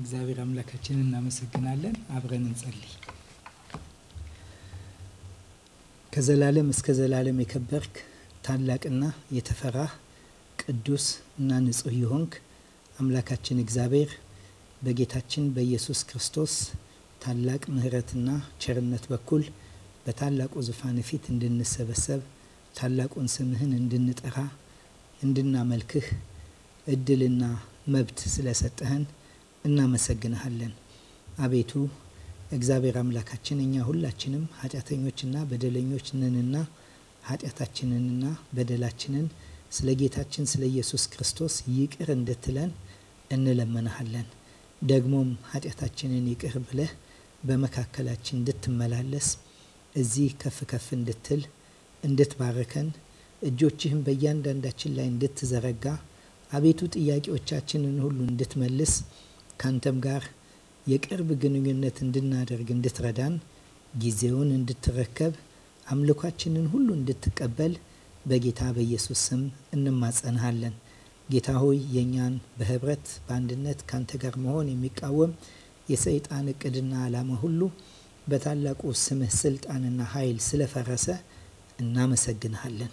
እግዚአብሔር አምላካችንን እናመሰግናለን። አብረን እንጸልይ። ከዘላለም እስከ ዘላለም የከበርክ ታላቅና የተፈራህ ቅዱስ እና ንጹህ የሆንክ አምላካችን እግዚአብሔር በጌታችን በኢየሱስ ክርስቶስ ታላቅ ምሕረትና ቸርነት በኩል በታላቁ ዙፋን ፊት እንድንሰበሰብ ታላቁን ስምህን እንድንጠራ እንድናመልክህ እድልና መብት ስለሰጠህን እናመሰግንሃለን። አቤቱ እግዚአብሔር አምላካችን እኛ ሁላችንም ኃጢአተኞችና በደለኞች ነንና ኃጢአታችንንና በደላችንን ስለ ጌታችን ስለ ኢየሱስ ክርስቶስ ይቅር እንድትለን እንለመናሃለን። ደግሞም ኃጢአታችንን ይቅር ብለህ በመካከላችን እንድትመላለስ እዚህ ከፍ ከፍ እንድትል እንድትባርከን እጆችህን በእያንዳንዳችን ላይ እንድትዘረጋ አቤቱ ጥያቄዎቻችንን ሁሉ እንድትመልስ ከአንተም ጋር የቅርብ ግንኙነት እንድናደርግ እንድትረዳን፣ ጊዜውን እንድትረከብ፣ አምልኳችንን ሁሉ እንድትቀበል በጌታ በኢየሱስ ስም እንማጸንሃለን። ጌታ ሆይ የእኛን በህብረት በአንድነት ካንተ ጋር መሆን የሚቃወም የሰይጣን እቅድና ዓላማ ሁሉ በታላቁ ስምህ ስልጣንና ኃይል ስለፈረሰ እናመሰግንሃለን።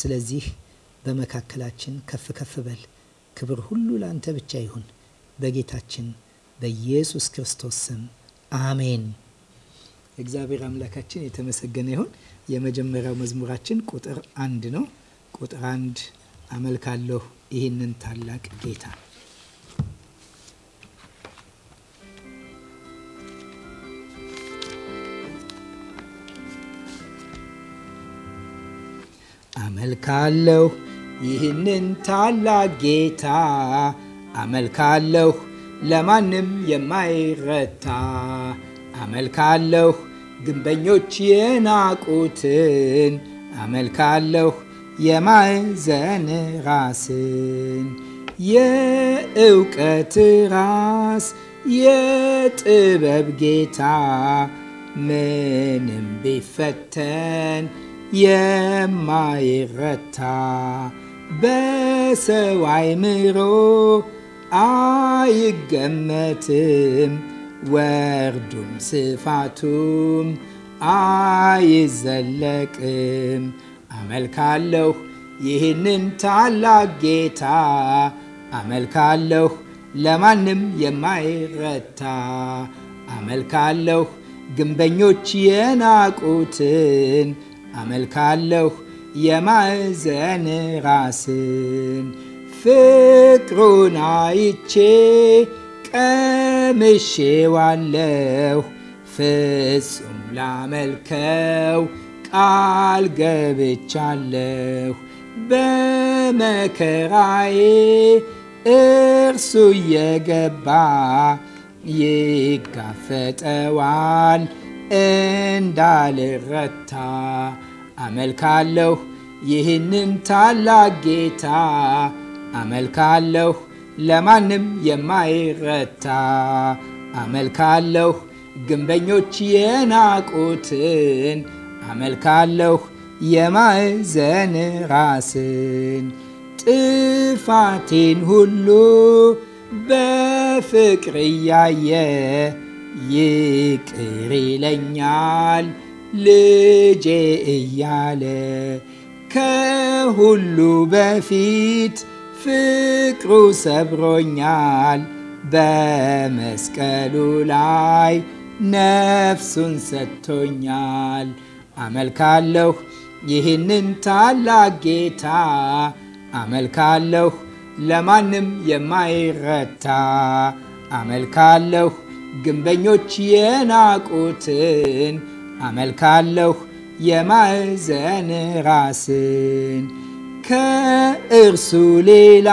ስለዚህ በመካከላችን ከፍ ከፍ በል። ክብር ሁሉ ለአንተ ብቻ ይሁን። በጌታችን በኢየሱስ ክርስቶስ ስም አሜን። እግዚአብሔር አምላካችን የተመሰገነ ይሁን። የመጀመሪያው መዝሙራችን ቁጥር አንድ ነው። ቁጥር አንድ አመልካለሁ ይህንን ታላቅ ጌታ አመልካለሁ ይህንን ታላቅ ጌታ አመልካለሁ ለማንም የማይረታ አመልካለሁ ግንበኞች የናቁትን አመልካለሁ የማዕዘን ራስን የእውቀት ራስ የጥበብ ጌታ ምንም ቢፈተን የማይረታ በሰው አይምሮ አይገመትም ወርዱም ስፋቱም አይዘለቅም። አመልካለሁ ይህንን ታላቅ ጌታ አመልካለሁ ለማንም የማይረታ አመልካለሁ ግንበኞች የናቁትን አመልካለሁ የማዕዘን ራስን ፍቅሩን አይቼ ቀምሼዋለሁ ፍጹም ላመልከው ቃል ገብቻለሁ በመከራዬ እርሱ እየገባ ይጋፈጠዋል እንዳልረታ አመልካለሁ ይህንን ታላቅ ጌታ አመልካለሁ ለማንም የማይረታ አመልካለሁ ግንበኞች የናቁትን አመልካለሁ የማዕዘን ራስን ጥፋቴን ሁሉ በፍቅር እያየ ይቅር ይለኛል ልጄ እያለ ከሁሉ በፊት ፍቅሩ ሰብሮኛል በመስቀሉ ላይ ነፍሱን ሰጥቶኛል። አመልካለሁ ይህንን ታላቅ ጌታ አመልካለሁ ለማንም የማይረታ አመልካለሁ ግንበኞች የናቁትን አመልካለሁ የማዕዘን ራስን ከእርሱ ሌላ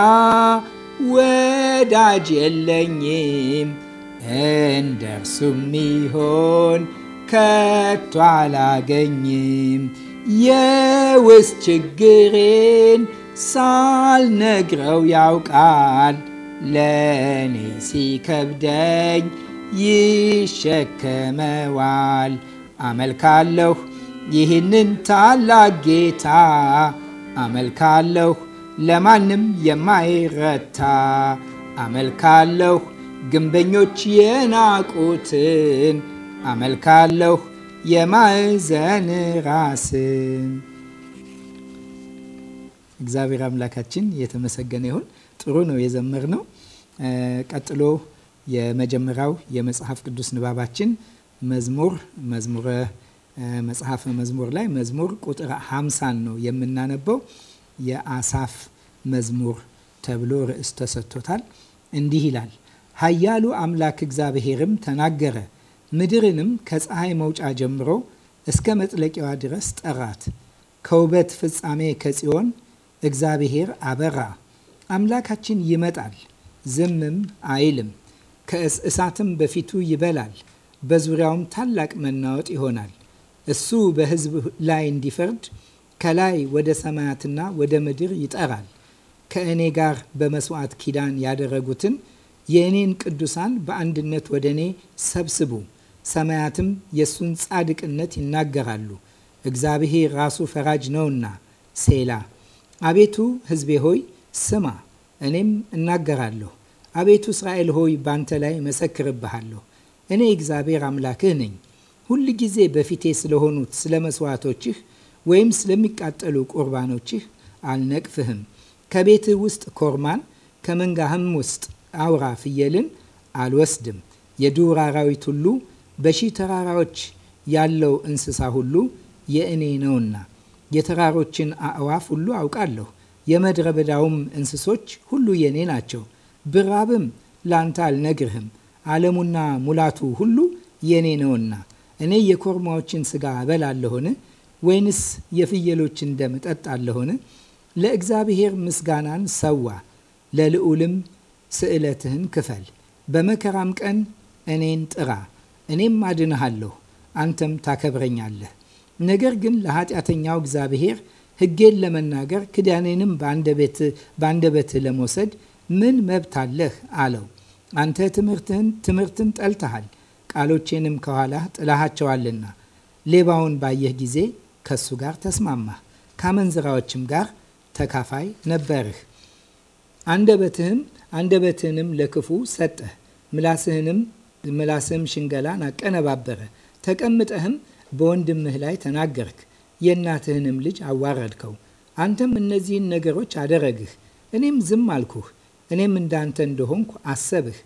ወዳጅ የለኝም፣ እንደርሱም ሚሆን ከቶ አላገኝም። የውስጥ ችግሬን ሳልነግረው ያውቃል፣ ለእኔ ሲከብደኝ ይሸከመዋል። አመልካለሁ ይህንን ታላቅ ጌታ አመልካለሁ ለማንም የማይረታ አመልካለሁ ግንበኞች የናቁትን አመልካለሁ የማዕዘን ራስን። እግዚአብሔር አምላካችን የተመሰገነ ይሁን። ጥሩ ነው የዘመር ነው። ቀጥሎ የመጀመሪያው የመጽሐፍ ቅዱስ ንባባችን መዝሙር መዝሙረ መጽሐፈ መዝሙር ላይ መዝሙር ቁጥር ሀምሳን ነው የምናነበው። የአሳፍ መዝሙር ተብሎ ርዕስ ተሰጥቶታል። እንዲህ ይላል ኃያሉ አምላክ እግዚአብሔርም ተናገረ፣ ምድርንም ከፀሐይ መውጫ ጀምሮ እስከ መጥለቂያዋ ድረስ ጠራት። ከውበት ፍጻሜ ከጽዮን እግዚአብሔር አበራ። አምላካችን ይመጣል፣ ዝምም አይልም። ከእሳትም በፊቱ ይበላል፣ በዙሪያውም ታላቅ መናወጥ ይሆናል። እሱ በህዝብ ላይ እንዲፈርድ ከላይ ወደ ሰማያትና ወደ ምድር ይጠራል። ከእኔ ጋር በመስዋዕት ኪዳን ያደረጉትን የእኔን ቅዱሳን በአንድነት ወደ እኔ ሰብስቡ። ሰማያትም የእሱን ጻድቅነት ይናገራሉ። እግዚአብሔር ራሱ ፈራጅ ነውና። ሴላ። አቤቱ ህዝቤ ሆይ ስማ፣ እኔም እናገራለሁ። አቤቱ እስራኤል ሆይ ባንተ ላይ መሰክርብሃለሁ። እኔ እግዚአብሔር አምላክህ ነኝ ሁል ጊዜ በፊቴ ስለሆኑት ስለ መስዋዕቶችህ ወይም ስለሚቃጠሉ ቁርባኖችህ አልነቅፍህም። ከቤትህ ውስጥ ኮርማን ከመንጋህም ውስጥ አውራ ፍየልን አልወስድም። የዱር አራዊት ሁሉ በሺህ ተራራዎች ያለው እንስሳ ሁሉ የእኔ ነውና የተራሮችን አእዋፍ ሁሉ አውቃለሁ። የምድረ በዳውም እንስሶች ሁሉ የእኔ ናቸው። ብራብም ላንተ አልነግርህም፣ ዓለሙና ሙላቱ ሁሉ የእኔ ነውና እኔ የኮርማዎችን ስጋ እበላለሁን? ወይንስ የፍየሎችን ደም እጠጣለሁን? ለእግዚአብሔር ምስጋናን ሰዋ፣ ለልዑልም ስዕለትህን ክፈል። በመከራም ቀን እኔን ጥራ፣ እኔም አድንሃለሁ፣ አንተም ታከብረኛለህ። ነገር ግን ለኃጢአተኛው እግዚአብሔር ሕጌን ለመናገር ክዳኔንም በአንደበትህ ለመውሰድ ምን መብት አለህ አለው። አንተ ትምህርትን ትምህርትን ጠልተሃል ቃሎቼንም ከኋላ ጥላሃቸዋልና ሌባውን ባየህ ጊዜ ከሱ ጋር ተስማማህ፣ ከአመንዝራዎችም ጋር ተካፋይ ነበርህ። አንደበትህም አንደበትህንም ለክፉ ሰጠህ፣ ምላስህንም ምላስህም ሽንገላን አቀነባበረ። ተቀምጠህም በወንድምህ ላይ ተናገርክ፣ የእናትህንም ልጅ አዋረድከው። አንተም እነዚህን ነገሮች አደረግህ፣ እኔም ዝም አልኩህ። እኔም እንዳንተ እንደሆንኩ አሰብህ።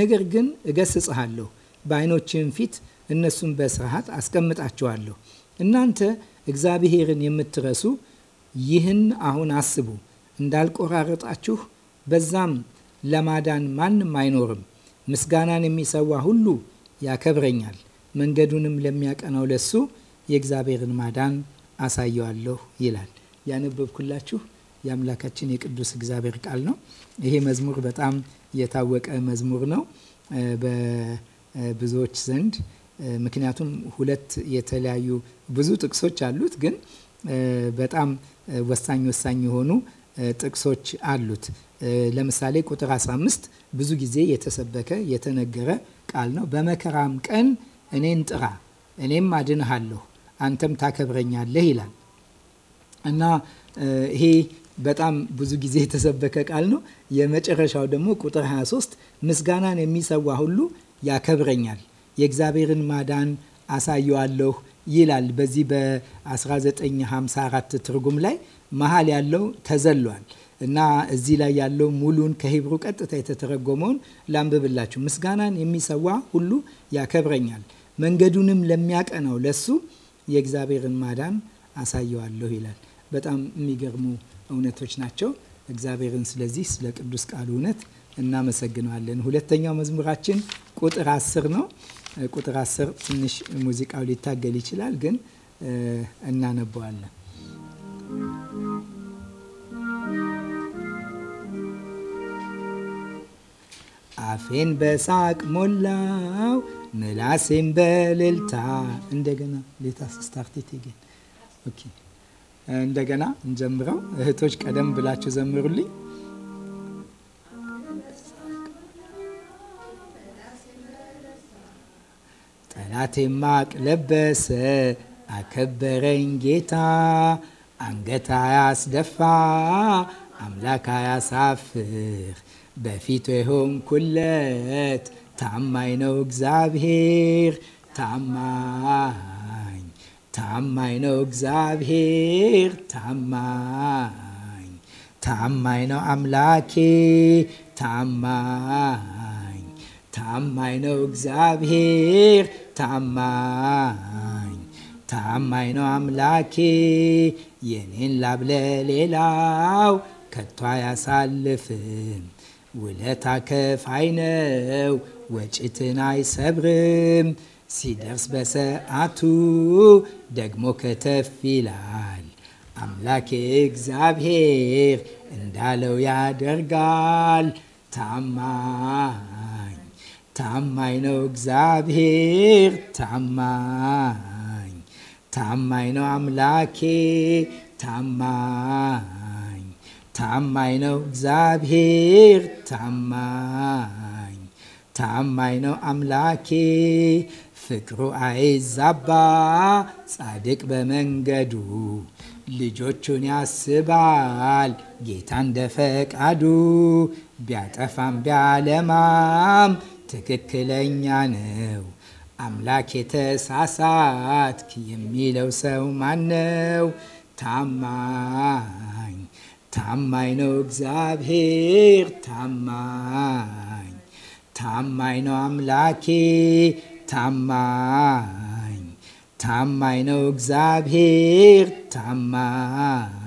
ነገር ግን እገስጽሃለሁ በዓይኖችህም ፊት እነሱን በስርዓት አስቀምጣችኋለሁ። እናንተ እግዚአብሔርን የምትረሱ ይህን አሁን አስቡ፣ እንዳልቆራረጣችሁ በዛም ለማዳን ማንም አይኖርም። ምስጋናን የሚሰዋ ሁሉ ያከብረኛል፣ መንገዱንም ለሚያቀናው ለሱ የእግዚአብሔርን ማዳን አሳየዋለሁ ይላል። ያነበብኩላችሁ የአምላካችን የቅዱስ እግዚአብሔር ቃል ነው። ይሄ መዝሙር በጣም የታወቀ መዝሙር ነው። ብዙዎች ዘንድ ምክንያቱም ሁለት የተለያዩ ብዙ ጥቅሶች አሉት፣ ግን በጣም ወሳኝ ወሳኝ የሆኑ ጥቅሶች አሉት። ለምሳሌ ቁጥር 15 ብዙ ጊዜ የተሰበከ የተነገረ ቃል ነው። በመከራም ቀን እኔን ጥራ እኔም አድንሃለሁ አንተም ታከብረኛለህ ይላል እና ይሄ በጣም ብዙ ጊዜ የተሰበከ ቃል ነው። የመጨረሻው ደግሞ ቁጥር 23 ምስጋናን የሚሰዋ ሁሉ ያከብረኛል፣ የእግዚአብሔርን ማዳን አሳየዋለሁ ይላል። በዚህ በ1954 ትርጉም ላይ መሀል ያለው ተዘሏል እና እዚህ ላይ ያለው ሙሉን ከሂብሩ ቀጥታ የተተረጎመውን ላንብብላችሁ። ምስጋናን የሚሰዋ ሁሉ ያከብረኛል፣ መንገዱንም ለሚያቀናው ለሱ የእግዚአብሔርን ማዳን አሳየዋለሁ ይላል። በጣም የሚገርሙ እውነቶች ናቸው። እግዚአብሔርን ስለዚህ ስለ ቅዱስ ቃሉ እውነት እናመሰግነዋለን። ሁለተኛው መዝሙራችን ቁጥር አስር ነው። ቁጥር አስር ትንሽ ሙዚቃው ሊታገል ይችላል፣ ግን እናነበዋለን። አፌን በሳቅ ሞላው ምላሴን በእልልታ እንደገና ሌታስ ስታርቲት ግን እንደገና እንጀምረው። እህቶች ቀደም ብላችሁ ዘምሩልኝ። ጠላቴ ማቅ ለበሰ፣ አከበረኝ ጌታ። አንገት አያስደፋ፣ አምላክ አያሳፍር፣ በፊቱ የሆንኩለት ታማኝ ነው እግዚአብሔር ታማኝ ታማኝ ነው እግዚአብሔር ታማኝ ታማኝ ነው አምላኬ ታማኝ ታማኝ ነው እግዚአብሔር ታማኝ ታማኝ ነው አምላኬ የኔን ላብ ለሌላው ከቶ አያሳልፍም። ውለታ ከፋይ ነው ወጭትን አይሰብርም። ሲደርስ በሰዓቱ ደግሞ ከተፍ ይላል። አምላኬ እግዚአብሔር እንዳለው ያደርጋል ታማኝ ታማኝ ነው እግዚአብሔር ታማኝ ታማኝ ነው አምላኬ ታማኝ ታማኝ ነው እግዚአብሔር ታማኝ ታማኝ ነው አምላኬ ፍቅሩ አይዛባ ጻድቅ በመንገዱ ልጆቹን ያስባል ጌታ እንደ ፈቃዱ ቢያጠፋም ቢያለማም ትክክለኛ ነው። አምላክ የተሳሳትክ የሚለው ሰው ነው? ታማኝ ታማኝ ነው እግዚአብሔር ታማኝ ታማኝ ነው አምላኬ ታማኝ ታማኝ ነው እግዚአብሔር ታማኝ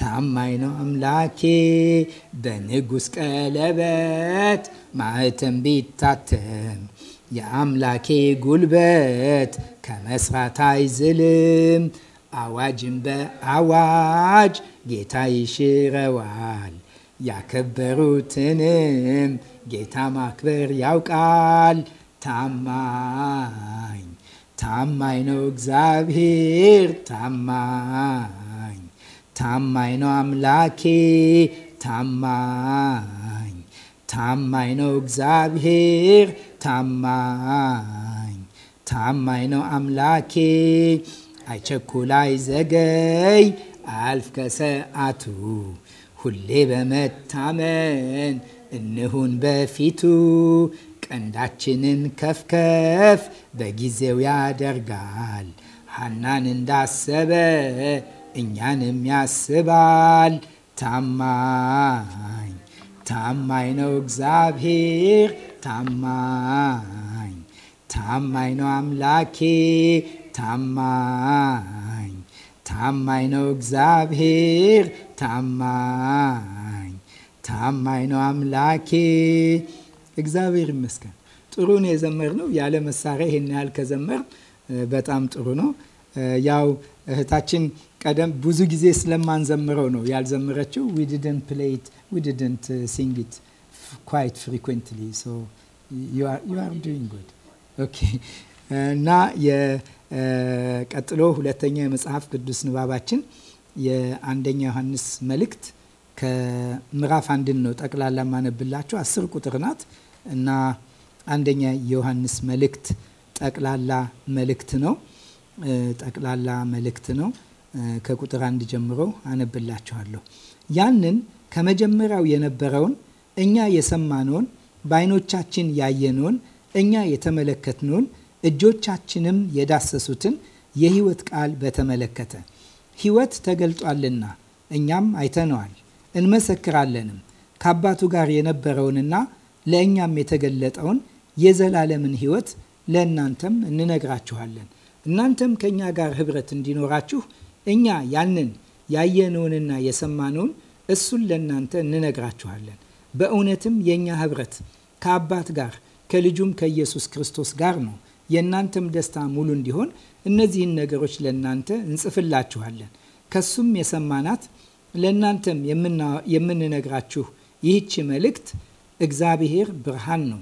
ታማኝ ነው አምላኬ በንጉሥ ቀለበት ማህተም ቢታተም የአምላኬ ጉልበት ከመስራት አይዝልም። አዋጅም በአዋጅ ጌታ ይሽረዋል። ያከበሩትንም ጌታ ማክበር ያውቃል። ታማኝ ታማኝ ነው እግዚአብሔር ታማኝ ታማኝ ነው አምላኬ ታማኝ ታማኝ ነው እግዚአብሔር ታማኝ ታማኝ ነው አምላኬ አይቸኩል አይዘገይ አልፍ ከሰዓቱ ሁሌ በመታመን እንሁን በፊቱ ቀንዳችንን ከፍከፍ በጊዜው ያደርጋል ሐናን እንዳሰበ እኛንም ያስባል። ታማኝ ታማኝ ነው እግዚአብሔር ታማኝ ታማኝ ነው አምላኬ ታማኝ ታማኝ ነው እግዚአብሔር ታማኝ ታማኝ ነው አምላኬ። እግዚአብሔር ይመስገን። ጥሩ ነው የዘመርነው። ያለ መሳሪያ ይሄን ያህል ከዘመር በጣም ጥሩ ነው። ያው እህታችን ቀደም ብዙ ጊዜ ስለማንዘምረው ነው ያልዘምረችው። ዊ ዲድንት ፕሌይ ኢት ዊ ዲድንት ሲንግ ኢት ኳይት ፍሪኩዌንትሊ ሶ ዩ አር ጉድ ኦኬ። እና የቀጥሎ uh, ሁለተኛው የመጽሐፍ ቅዱስ ንባባችን የአንደኛ ዮሐንስ መልእክት ከምዕራፍ አንድን ነው ጠቅላላ ማነብላችሁ። አስር ቁጥር ናት እና አንደኛ ዮሐንስ መልእክት ጠቅላላ መልእክት ነው። ጠቅላላ መልእክት ነው። ከቁጥር አንድ ጀምሮ አነብላችኋለሁ። ያንን ከመጀመሪያው የነበረውን እኛ የሰማነውን በዓይኖቻችን ያየነውን እኛ የተመለከትነውን እጆቻችንም የዳሰሱትን የሕይወት ቃል በተመለከተ ሕይወት ተገልጧልና እኛም አይተነዋል እንመሰክራለንም ከአባቱ ጋር የነበረውንና ለእኛም የተገለጠውን የዘላለምን ሕይወት ለእናንተም እንነግራችኋለን። እናንተም ከእኛ ጋር ኅብረት እንዲኖራችሁ እኛ ያንን ያየነውንና የሰማነውን እሱን ለእናንተ እንነግራችኋለን። በእውነትም የእኛ ህብረት ከአባት ጋር ከልጁም ከኢየሱስ ክርስቶስ ጋር ነው። የእናንተም ደስታ ሙሉ እንዲሆን እነዚህን ነገሮች ለእናንተ እንጽፍላችኋለን። ከሱም የሰማናት ለእናንተም የምንነግራችሁ ይህች መልእክት እግዚአብሔር ብርሃን ነው፣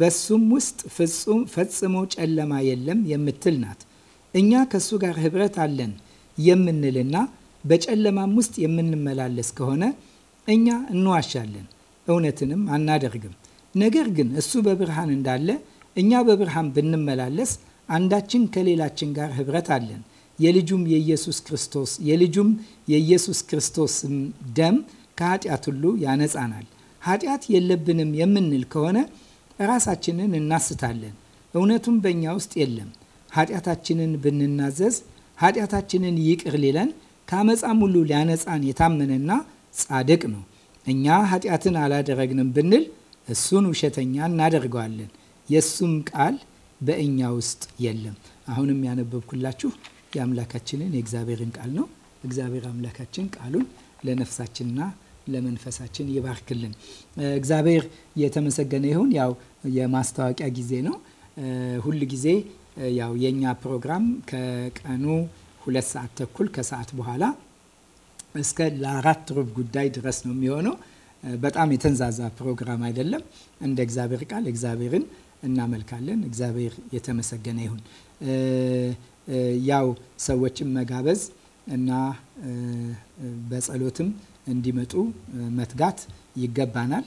በሱም ውስጥ ፍጹም ፈጽሞ ጨለማ የለም የምትል ናት። እኛ ከሱ ጋር ህብረት አለን የምንልና በጨለማም ውስጥ የምንመላለስ ከሆነ እኛ እንዋሻለን፣ እውነትንም አናደርግም። ነገር ግን እሱ በብርሃን እንዳለ እኛ በብርሃን ብንመላለስ አንዳችን ከሌላችን ጋር ህብረት አለን። የልጁም የኢየሱስ ክርስቶስ የልጁም የኢየሱስ ክርስቶስ ደም ከኃጢአት ሁሉ ያነጻናል። ኃጢአት የለብንም የምንል ከሆነ ራሳችንን እናስታለን፣ እውነቱም በእኛ ውስጥ የለም። ኃጢአታችንን ብንናዘዝ ኃጢአታችንን ይቅር ሊለን ከአመፃም ሁሉ ሊያነፃን የታመነና ጻድቅ ነው። እኛ ኃጢአትን አላደረግንም ብንል እሱን ውሸተኛ እናደርገዋለን፣ የእሱም ቃል በእኛ ውስጥ የለም። አሁንም ያነበብኩላችሁ የአምላካችንን የእግዚአብሔርን ቃል ነው። እግዚአብሔር አምላካችን ቃሉን ለነፍሳችንና ለመንፈሳችን ይባርክልን። እግዚአብሔር የተመሰገነ ይሁን። ያው የማስታወቂያ ጊዜ ነው። ሁል ጊዜ ያው የእኛ ፕሮግራም ከቀኑ ሁለት ሰዓት ተኩል ከሰዓት በኋላ እስከ ለአራት ሩብ ጉዳይ ድረስ ነው የሚሆነው። በጣም የተንዛዛ ፕሮግራም አይደለም። እንደ እግዚአብሔር ቃል እግዚአብሔርን እናመልካለን። እግዚአብሔር የተመሰገነ ይሁን። ያው ሰዎችን መጋበዝ እና በጸሎትም እንዲመጡ መትጋት ይገባናል።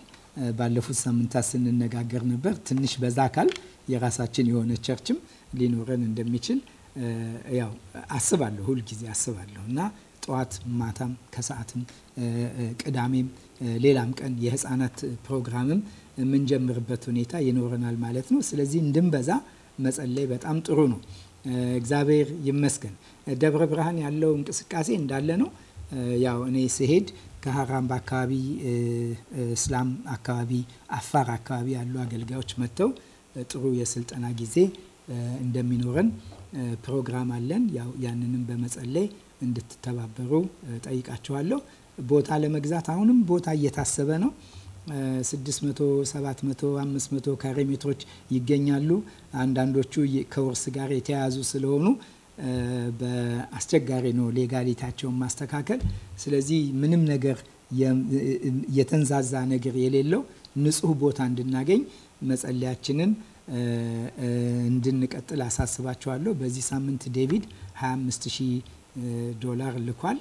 ባለፉት ሳምንታት ስንነጋገር ነበር። ትንሽ በዛ አካል የራሳችን የሆነ ቸርችም ሊኖረን እንደሚችል ያው አስባለሁ፣ ሁልጊዜ አስባለሁ እና ጠዋት ማታም ከሰዓትም ቅዳሜም ሌላም ቀን የህፃናት ፕሮግራምም የምንጀምርበት ሁኔታ ይኖረናል ማለት ነው። ስለዚህ እንድንበዛ መጸለይ በጣም ጥሩ ነው። እግዚአብሔር ይመስገን። ደብረ ብርሃን ያለው እንቅስቃሴ እንዳለ ነው። ያው እኔ ስሄድ ከሀራምባ አካባቢ፣ እስላም አካባቢ፣ አፋር አካባቢ ያሉ አገልጋዮች መጥተው ጥሩ የስልጠና ጊዜ እንደሚኖረን ፕሮግራም አለን። ያንንም በመጸለይ እንድትተባበሩ ጠይቃችኋለሁ። ቦታ ለመግዛት አሁንም ቦታ እየታሰበ ነው። 600፣ 700፣ 500 ካሬ ሜትሮች ይገኛሉ። አንዳንዶቹ ከውርስ ጋር የተያያዙ ስለሆኑ በአስቸጋሪ ነው ሌጋሊታቸውን ማስተካከል። ስለዚህ ምንም ነገር የተንዛዛ ነገር የሌለው ንጹህ ቦታ እንድናገኝ መጸለያችንን እንድንቀጥል አሳስባቸዋለሁ። በዚህ ሳምንት ዴቪድ 25000 ዶላር ልኳል።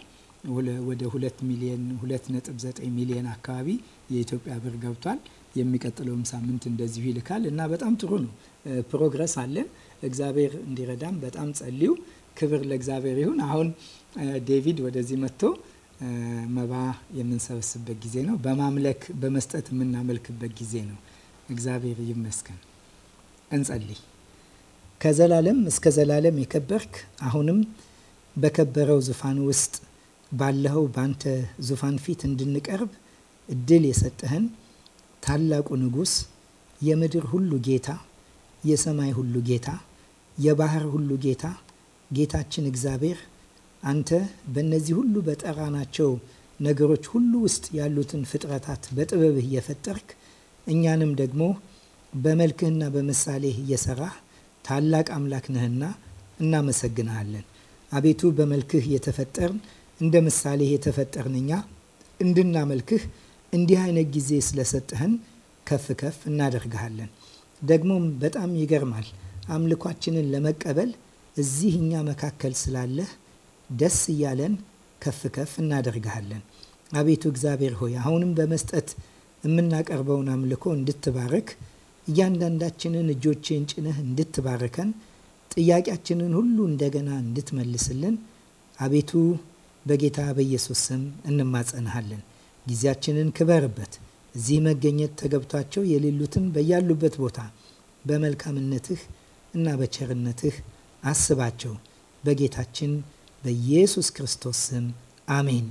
ወደ 2 ሚሊዮን 2.9 ሚሊዮን አካባቢ የኢትዮጵያ ብር ገብቷል። የሚቀጥለውም ሳምንት እንደዚሁ ይልካል እና በጣም ጥሩ ነው። ፕሮግረስ አለ። እግዚአብሔር እንዲረዳም በጣም ጸልዩ። ክብር ለእግዚአብሔር ይሁን። አሁን ዴቪድ ወደዚህ መጥቶ መባ የምንሰበስብበት ጊዜ ነው። በማምለክ በመስጠት የምናመልክበት ጊዜ ነው። እግዚአብሔር ይመስገን። እንጸልይ። ከዘላለም እስከ ዘላለም የከበርክ አሁንም በከበረው ዙፋን ውስጥ ባለኸው ባንተ ዙፋን ፊት እንድንቀርብ እድል የሰጠህን ታላቁ ንጉሥ፣ የምድር ሁሉ ጌታ፣ የሰማይ ሁሉ ጌታ፣ የባህር ሁሉ ጌታ ጌታችን እግዚአብሔር አንተ በእነዚህ ሁሉ በጠራናቸው ነገሮች ሁሉ ውስጥ ያሉትን ፍጥረታት በጥበብህ እየፈጠርክ እኛንም ደግሞ በመልክህና በምሳሌህ እየሰራህ ታላቅ አምላክ ነህና እናመሰግንሃለን። አቤቱ በመልክህ የተፈጠርን እንደ ምሳሌህ የተፈጠርን እኛ እንድናመልክህ እንዲህ አይነት ጊዜ ስለሰጠህን ከፍ ከፍ እናደርግሃለን። ደግሞም በጣም ይገርማል። አምልኳችንን ለመቀበል እዚህ እኛ መካከል ስላለህ ደስ እያለን ከፍ ከፍ እናደርግሃለን። አቤቱ እግዚአብሔር ሆይ አሁንም በመስጠት የምናቀርበውን አምልኮ እንድትባረክ እያንዳንዳችንን እጆችን ጭነህ እንድትባርከን ጥያቄያችንን ሁሉ እንደገና እንድትመልስልን አቤቱ በጌታ በኢየሱስ ስም እንማጸንሃለን። ጊዜያችንን ክበርበት። እዚህ መገኘት ተገብቷቸው የሌሉትን በያሉበት ቦታ በመልካምነትህ እና በቸርነትህ አስባቸው። በጌታችን በኢየሱስ ክርስቶስ ስም አሜን።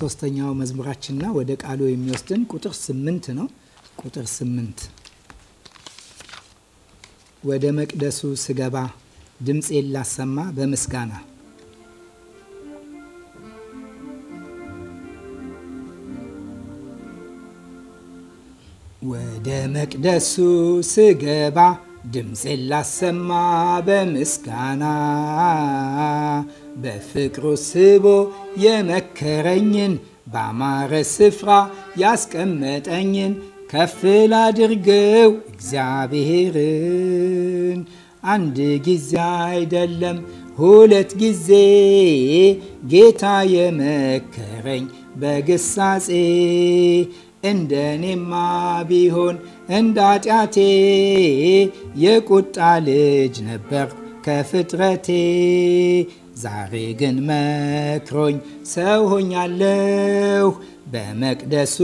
ሶስተኛው መዝሙራችንና ወደ ቃሉ የሚወስድን ቁጥር ስምንት ነው። ቁጥር ስምንት ወደ መቅደሱ ስገባ ድምፅ ላሰማ በምስጋና ወደ መቅደሱ ስገባ ድምፅ ላሰማ በምስጋና በፍቅሩ ስቦ የመከረኝን ባማረ ስፍራ ያስቀመጠኝን ከፍ ላድርገው እግዚአብሔርን። አንድ ጊዜ አይደለም ሁለት ጊዜ ጌታ የመከረኝ በግሳጼ እንደኔማ ቢሆን እንዳጢአቴ የቁጣ ልጅ ነበር ከፍጥረቴ ዛሬ ግን መክሮኝ ሰው ሆኛለሁ፣ በመቅደሱ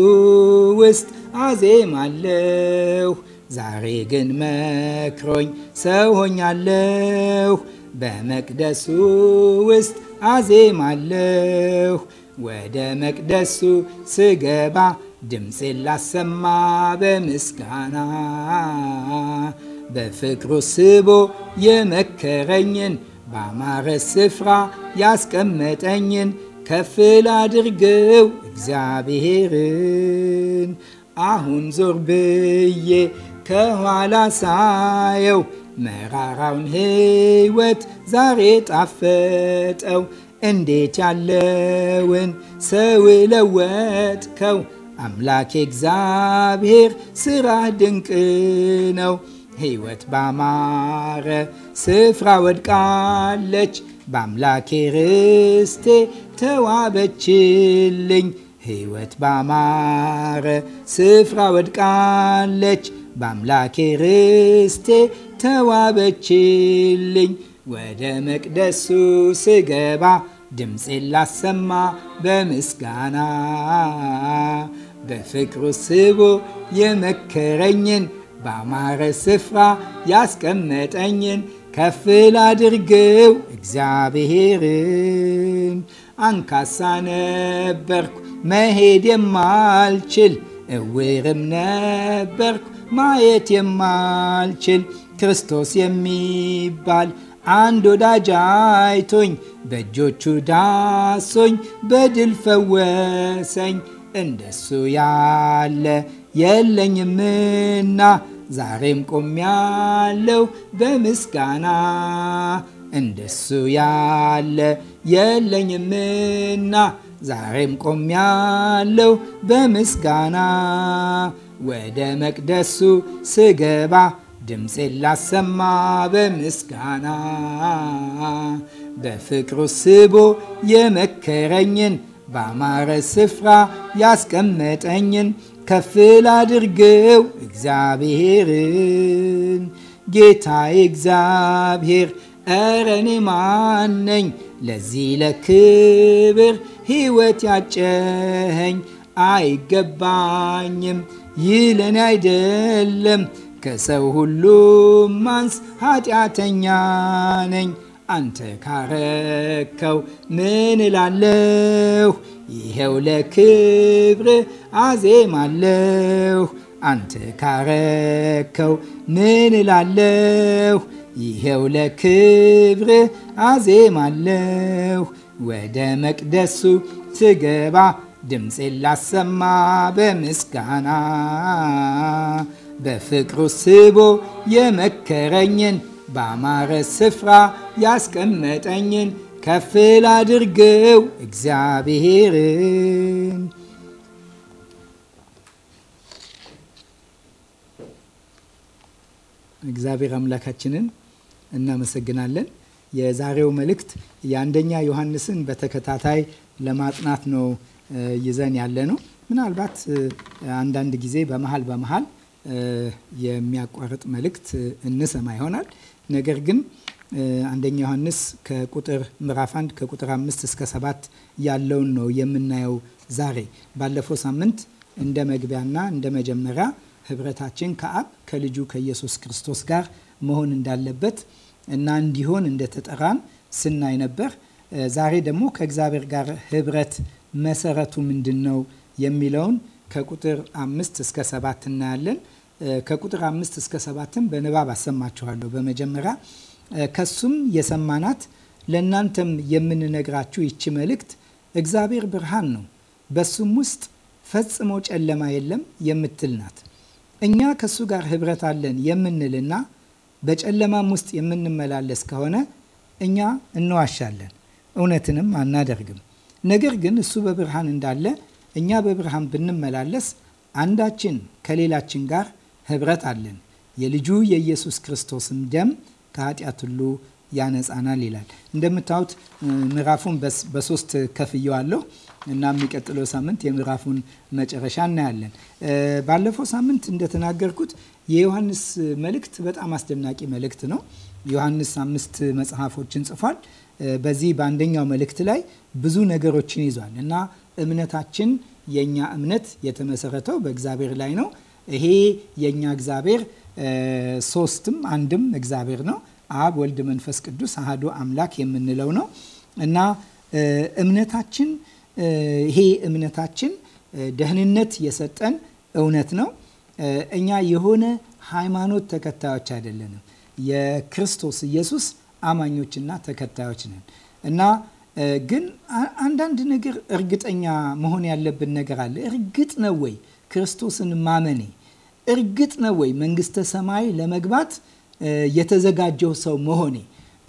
ውስጥ አዜማለሁ። ዛሬ ግን መክሮኝ ሰው ሆኛለሁ፣ በመቅደሱ ውስጥ አዜማለሁ። ወደ መቅደሱ ስገባ ድምፅ ላሰማ በምስጋና በፍቅሩ ስቦ የመከረኝን በአማረ ስፍራ ያስቀመጠኝን ከፍል አድርገው እግዚአብሔርን። አሁን ዞር ብዬ ከኋላ ሳየው መራራውን ሕይወት ዛሬ ጣፈጠው። እንዴት ያለውን ሰው ለወጥከው አምላኬ እግዚአብሔር፣ ስራ ድንቅ ነው። ሕይወት ባማረ ስፍራ ወድቃለች። በአምላኬ ርስቴ ተዋበችልኝ ሕይወት ባማረ ስፍራ ወድቃለች። በአምላኬ ርስቴ ተዋበችልኝ። ወደ መቅደሱ ስገባ ድምፅ ላሰማ በምስጋና በፍቅሩ ስቦ የመከረኝን ባማረ ስፍራ ያስቀመጠኝን ከፍ ላድርገው እግዚአብሔርን። አንካሳ ነበርኩ መሄድ የማልችል እውርም ነበርኩ ማየት የማልችል ክርስቶስ የሚባል አንድ ወዳጅ አይቶኝ በእጆቹ ዳሶኝ በድል ፈወሰኝ። እንደሱ ያለ የለኝምና ዛሬም ቆሜያለሁ በምስጋና እንደሱ ያለ የለኝምና ዛሬም ቆሜያለሁ በምስጋና ወደ መቅደሱ ስገባ ድምፄን ላሰማ በምስጋና በፍቅሩ ስቦ የመከረኝን ባማረ ስፍራ ያስቀመጠኝን ከፍ ላድርገው እግዚአብሔርን ጌታዬ እግዚአብሔር እረ እኔ ማን ነኝ ለዚህ ለክብር ሕይወት ያጨኸኝ አይገባኝም ይህ አይደለም ከሰው ሁሉ ማንስ ኃጢአተኛ ነኝ አንተ ካረከው ምን እላለሁ ይኸው ለክብር አዜማለሁ። አንተ ካረከው ምን እላለሁ? ይኸው ለክብር አዜማለሁ። ወደ መቅደሱ ትገባ ድምፄን ላሰማ በምስጋና በፍቅሩ ስቦ የመከረኝን ባማረ ስፍራ ያስቀመጠኝን ከፍ ላድርገው እግዚአብሔርን። እግዚአብሔር አምላካችንን እናመሰግናለን። የዛሬው መልእክት የአንደኛ ዮሐንስን በተከታታይ ለማጥናት ነው ይዘን ያለ ነው። ምናልባት አንዳንድ ጊዜ በመሀል በመሀል የሚያቋርጥ መልእክት እንሰማ ይሆናል ነገር ግን አንደኛ ዮሐንስ ከቁጥር ምዕራፍ 1 ከቁጥር 5 እስከ 7 ያለውን ነው የምናየው ዛሬ። ባለፈው ሳምንት እንደ መግቢያና እንደ መጀመሪያ ህብረታችን ከአብ ከልጁ ከኢየሱስ ክርስቶስ ጋር መሆን እንዳለበት እና እንዲሆን እንደተጠራን ስናይ ነበር። ዛሬ ደግሞ ከእግዚአብሔር ጋር ህብረት መሰረቱ ምንድን ነው የሚለውን ከቁጥር አምስት እስከ ሰባት እናያለን። ከቁጥር አምስት እስከ ሰባትም በንባብ አሰማችኋለሁ። በመጀመሪያ ከሱም የሰማናት ለእናንተም የምንነግራችሁ ይቺ መልእክት እግዚአብሔር ብርሃን ነው፣ በሱም ውስጥ ፈጽሞ ጨለማ የለም የምትል ናት። እኛ ከሱ ጋር ህብረት አለን የምንልና በጨለማም ውስጥ የምንመላለስ ከሆነ እኛ እንዋሻለን፣ እውነትንም አናደርግም። ነገር ግን እሱ በብርሃን እንዳለ እኛ በብርሃን ብንመላለስ አንዳችን ከሌላችን ጋር ህብረት አለን የልጁ የኢየሱስ ክርስቶስም ደም ከኃጢአት ሁሉ ያነጻናል ይላል። እንደምታዩት ምዕራፉን በሶስት ከፍየዋለሁ እና የሚቀጥለው ሳምንት የምዕራፉን መጨረሻ እናያለን። ባለፈው ሳምንት እንደተናገርኩት የዮሐንስ መልእክት በጣም አስደናቂ መልእክት ነው። ዮሐንስ አምስት መጽሐፎችን ጽፏል። በዚህ በአንደኛው መልእክት ላይ ብዙ ነገሮችን ይዟል እና እምነታችን የእኛ እምነት የተመሰረተው በእግዚአብሔር ላይ ነው። ይሄ የእኛ እግዚአብሔር ሶስትም አንድም እግዚአብሔር ነው። አብ ወልድ፣ መንፈስ ቅዱስ አህዶ አምላክ የምንለው ነው እና እምነታችን ይሄ እምነታችን ደህንነት የሰጠን እውነት ነው። እኛ የሆነ ሃይማኖት ተከታዮች አይደለንም። የክርስቶስ ኢየሱስ አማኞችና ተከታዮች ነን እና ግን አንዳንድ ነገር እርግጠኛ መሆን ያለብን ነገር አለ። እርግጥ ነው ወይ ክርስቶስን ማመኔ እርግጥ ነው ወይ መንግስተ ሰማይ ለመግባት የተዘጋጀው ሰው መሆኔ?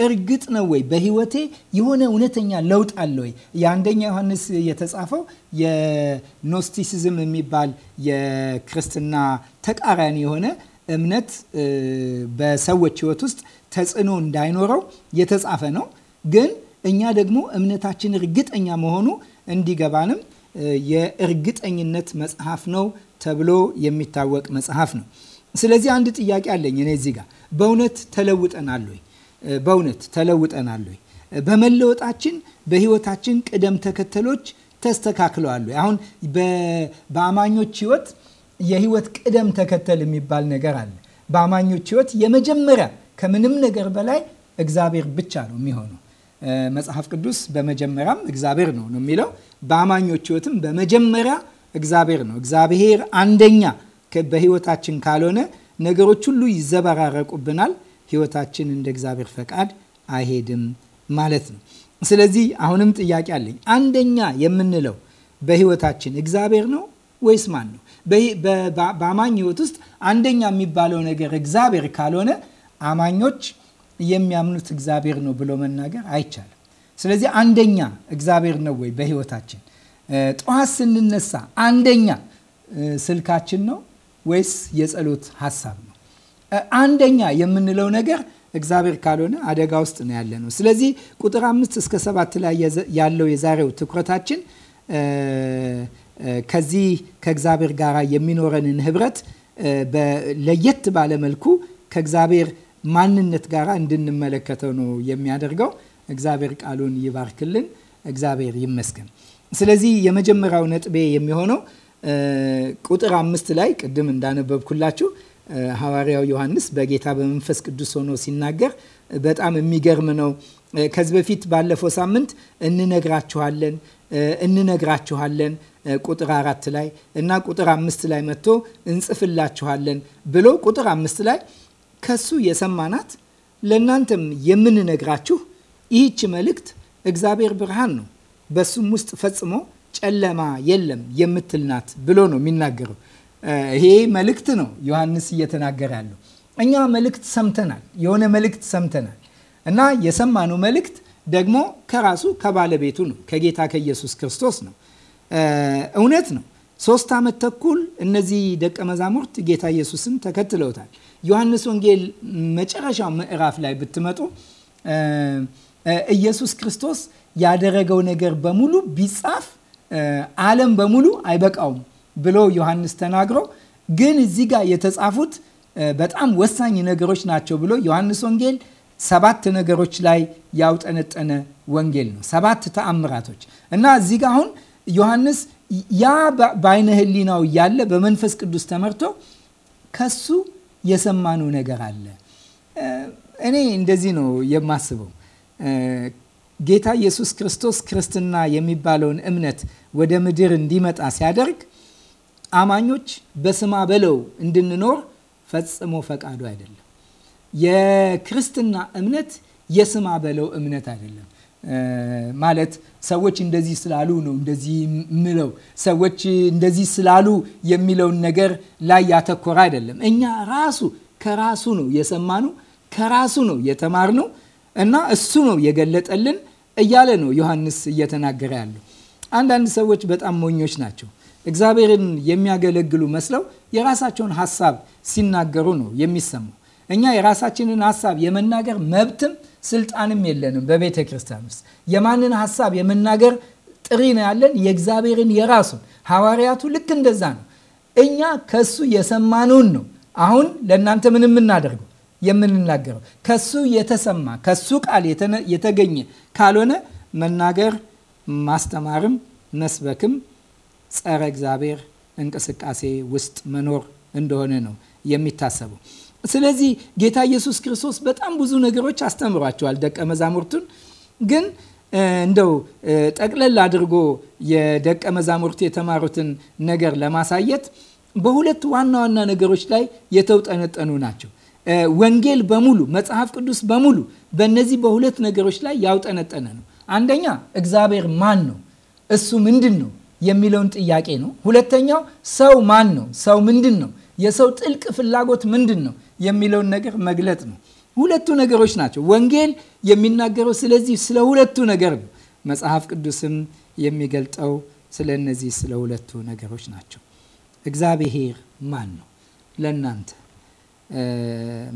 እርግጥ ነው ወይ በህይወቴ የሆነ እውነተኛ ለውጥ አለ ወይ? የአንደኛ ዮሐንስ የተጻፈው የኖስቲሲዝም የሚባል የክርስትና ተቃራኒ የሆነ እምነት በሰዎች ህይወት ውስጥ ተጽዕኖ እንዳይኖረው የተጻፈ ነው። ግን እኛ ደግሞ እምነታችን እርግጠኛ መሆኑ እንዲገባንም የእርግጠኝነት መጽሐፍ ነው ተብሎ የሚታወቅ መጽሐፍ ነው። ስለዚህ አንድ ጥያቄ አለኝ እኔ እዚህ ጋር በእውነት ተለውጠናል ወይ? በእውነት ተለውጠናል ወይ? በመለወጣችን በህይወታችን ቅደም ተከተሎች ተስተካክለዋል ወይ? አሁን በአማኞች ህይወት የህይወት ቅደም ተከተል የሚባል ነገር አለ። በአማኞች ህይወት የመጀመሪያ ከምንም ነገር በላይ እግዚአብሔር ብቻ ነው የሚሆነው። መጽሐፍ ቅዱስ በመጀመሪያም እግዚአብሔር ነው ነው የሚለው በአማኞች ህይወትም በመጀመሪያ እግዚአብሔር ነው። እግዚአብሔር አንደኛ በህይወታችን ካልሆነ ነገሮች ሁሉ ይዘበራረቁብናል። ህይወታችን እንደ እግዚአብሔር ፈቃድ አይሄድም ማለት ነው። ስለዚህ አሁንም ጥያቄ አለኝ። አንደኛ የምንለው በህይወታችን እግዚአብሔር ነው ወይስ ማን ነው? በአማኝ ህይወት ውስጥ አንደኛ የሚባለው ነገር እግዚአብሔር ካልሆነ አማኞች የሚያምኑት እግዚአብሔር ነው ብሎ መናገር አይቻልም። ስለዚህ አንደኛ እግዚአብሔር ነው ወይ በህይወታችን ጠዋት ስንነሳ አንደኛ ስልካችን ነው ወይስ የጸሎት ሀሳብ ነው? አንደኛ የምንለው ነገር እግዚአብሔር ካልሆነ አደጋ ውስጥ ነው ያለ ነው። ስለዚህ ቁጥር አምስት እስከ ሰባት ላይ ያለው የዛሬው ትኩረታችን ከዚህ ከእግዚአብሔር ጋር የሚኖረንን ህብረት ለየት ባለ መልኩ ከእግዚአብሔር ማንነት ጋር እንድንመለከተው ነው የሚያደርገው። እግዚአብሔር ቃሉን ይባርክልን። እግዚአብሔር ይመስገን። ስለዚህ የመጀመሪያው ነጥቤ የሚሆነው ቁጥር አምስት ላይ ቅድም እንዳነበብኩላችሁ ሐዋርያው ዮሐንስ በጌታ በመንፈስ ቅዱስ ሆኖ ሲናገር በጣም የሚገርም ነው። ከዚህ በፊት ባለፈው ሳምንት እንነግራችኋለን እንነግራችኋለን ቁጥር አራት ላይ እና ቁጥር አምስት ላይ መጥቶ እንጽፍላችኋለን ብሎ ቁጥር አምስት ላይ ከሱ የሰማናት ለእናንተም የምንነግራችሁ ይህች መልእክት እግዚአብሔር ብርሃን ነው በሱም ውስጥ ፈጽሞ ጨለማ የለም የምትል ናት ብሎ ነው የሚናገረው። ይሄ መልእክት ነው ዮሐንስ እየተናገረ ያለው። እኛ መልእክት ሰምተናል፣ የሆነ መልእክት ሰምተናል እና የሰማነው መልእክት ደግሞ ከራሱ ከባለቤቱ ነው ከጌታ ከኢየሱስ ክርስቶስ ነው። እውነት ነው። ሶስት ዓመት ተኩል እነዚህ ደቀ መዛሙርት ጌታ ኢየሱስን ተከትለውታል። ዮሐንስ ወንጌል መጨረሻው ምዕራፍ ላይ ብትመጡ ኢየሱስ ክርስቶስ ያደረገው ነገር በሙሉ ቢጻፍ ዓለም በሙሉ አይበቃውም ብሎ ዮሐንስ ተናግሮ ግን እዚህ ጋር የተጻፉት በጣም ወሳኝ ነገሮች ናቸው ብሎ ዮሐንስ ወንጌል ሰባት ነገሮች ላይ ያውጠነጠነ ወንጌል ነው። ሰባት ተአምራቶች እና እዚህ ጋር አሁን ዮሐንስ ያ በአይነ ህሊናው እያለ በመንፈስ ቅዱስ ተመርቶ ከሱ የሰማነው ነገር አለ። እኔ እንደዚህ ነው የማስበው ጌታ ኢየሱስ ክርስቶስ ክርስትና የሚባለውን እምነት ወደ ምድር እንዲመጣ ሲያደርግ አማኞች በስማ በለው እንድንኖር ፈጽሞ ፈቃዱ አይደለም። የክርስትና እምነት የስማ በለው እምነት አይደለም። ማለት ሰዎች እንደዚህ ስላሉ ነው እንደዚህ ምለው ሰዎች እንደዚህ ስላሉ የሚለውን ነገር ላይ ያተኮረ አይደለም። እኛ ራሱ ከራሱ ነው የሰማነው፣ ከራሱ ነው የተማርነው እና እሱ ነው የገለጠልን እያለ ነው ዮሐንስ እየተናገረ ያለው። አንዳንድ ሰዎች በጣም ሞኞች ናቸው። እግዚአብሔርን የሚያገለግሉ መስለው የራሳቸውን ሀሳብ ሲናገሩ ነው የሚሰማው። እኛ የራሳችንን ሀሳብ የመናገር መብትም ስልጣንም የለንም። በቤተ ክርስቲያን ውስጥ የማንን ሀሳብ የመናገር ጥሪ ነው ያለን? የእግዚአብሔርን የራሱን። ሐዋርያቱ ልክ እንደዛ ነው። እኛ ከሱ የሰማነውን ነው አሁን ለእናንተ ምን የምናደርገው የምንናገረው። ከሱ የተሰማ ከሱ ቃል የተገኘ ካልሆነ መናገር፣ ማስተማርም መስበክም ጸረ እግዚአብሔር እንቅስቃሴ ውስጥ መኖር እንደሆነ ነው የሚታሰበው። ስለዚህ ጌታ ኢየሱስ ክርስቶስ በጣም ብዙ ነገሮች አስተምሯቸዋል ደቀ መዛሙርቱን ግን እንደው ጠቅለል አድርጎ የደቀ መዛሙርት የተማሩትን ነገር ለማሳየት በሁለት ዋና ዋና ነገሮች ላይ የተውጠነጠኑ ናቸው። ወንጌል በሙሉ መጽሐፍ ቅዱስ በሙሉ በእነዚህ በሁለት ነገሮች ላይ ያውጠነጠነ ነው። አንደኛ እግዚአብሔር ማን ነው? እሱ ምንድን ነው የሚለውን ጥያቄ ነው። ሁለተኛው ሰው ማን ነው? ሰው ምንድን ነው? የሰው ጥልቅ ፍላጎት ምንድን ነው የሚለውን ነገር መግለጥ ነው። ሁለቱ ነገሮች ናቸው። ወንጌል የሚናገረው ስለዚህ ስለ ሁለቱ ነገር ነው። መጽሐፍ ቅዱስም የሚገልጠው ስለ እነዚህ ስለ ሁለቱ ነገሮች ናቸው። እግዚአብሔር ማን ነው ለእናንተ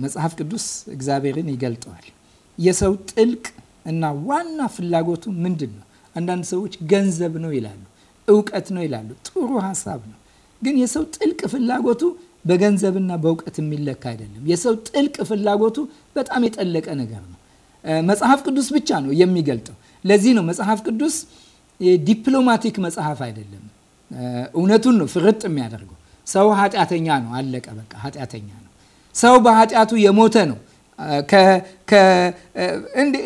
መጽሐፍ ቅዱስ እግዚአብሔርን ይገልጠዋል። የሰው ጥልቅ እና ዋና ፍላጎቱ ምንድን ነው? አንዳንድ ሰዎች ገንዘብ ነው ይላሉ፣ እውቀት ነው ይላሉ። ጥሩ ሀሳብ ነው፣ ግን የሰው ጥልቅ ፍላጎቱ በገንዘብና በእውቀት የሚለካ አይደለም። የሰው ጥልቅ ፍላጎቱ በጣም የጠለቀ ነገር ነው። መጽሐፍ ቅዱስ ብቻ ነው የሚገልጠው። ለዚህ ነው መጽሐፍ ቅዱስ ዲፕሎማቲክ መጽሐፍ አይደለም። እውነቱን ነው ፍርጥ የሚያደርገው። ሰው ኃጢአተኛ ነው፣ አለቀ በቃ ኃጢአተኛ ሰው በኃጢአቱ የሞተ ነው።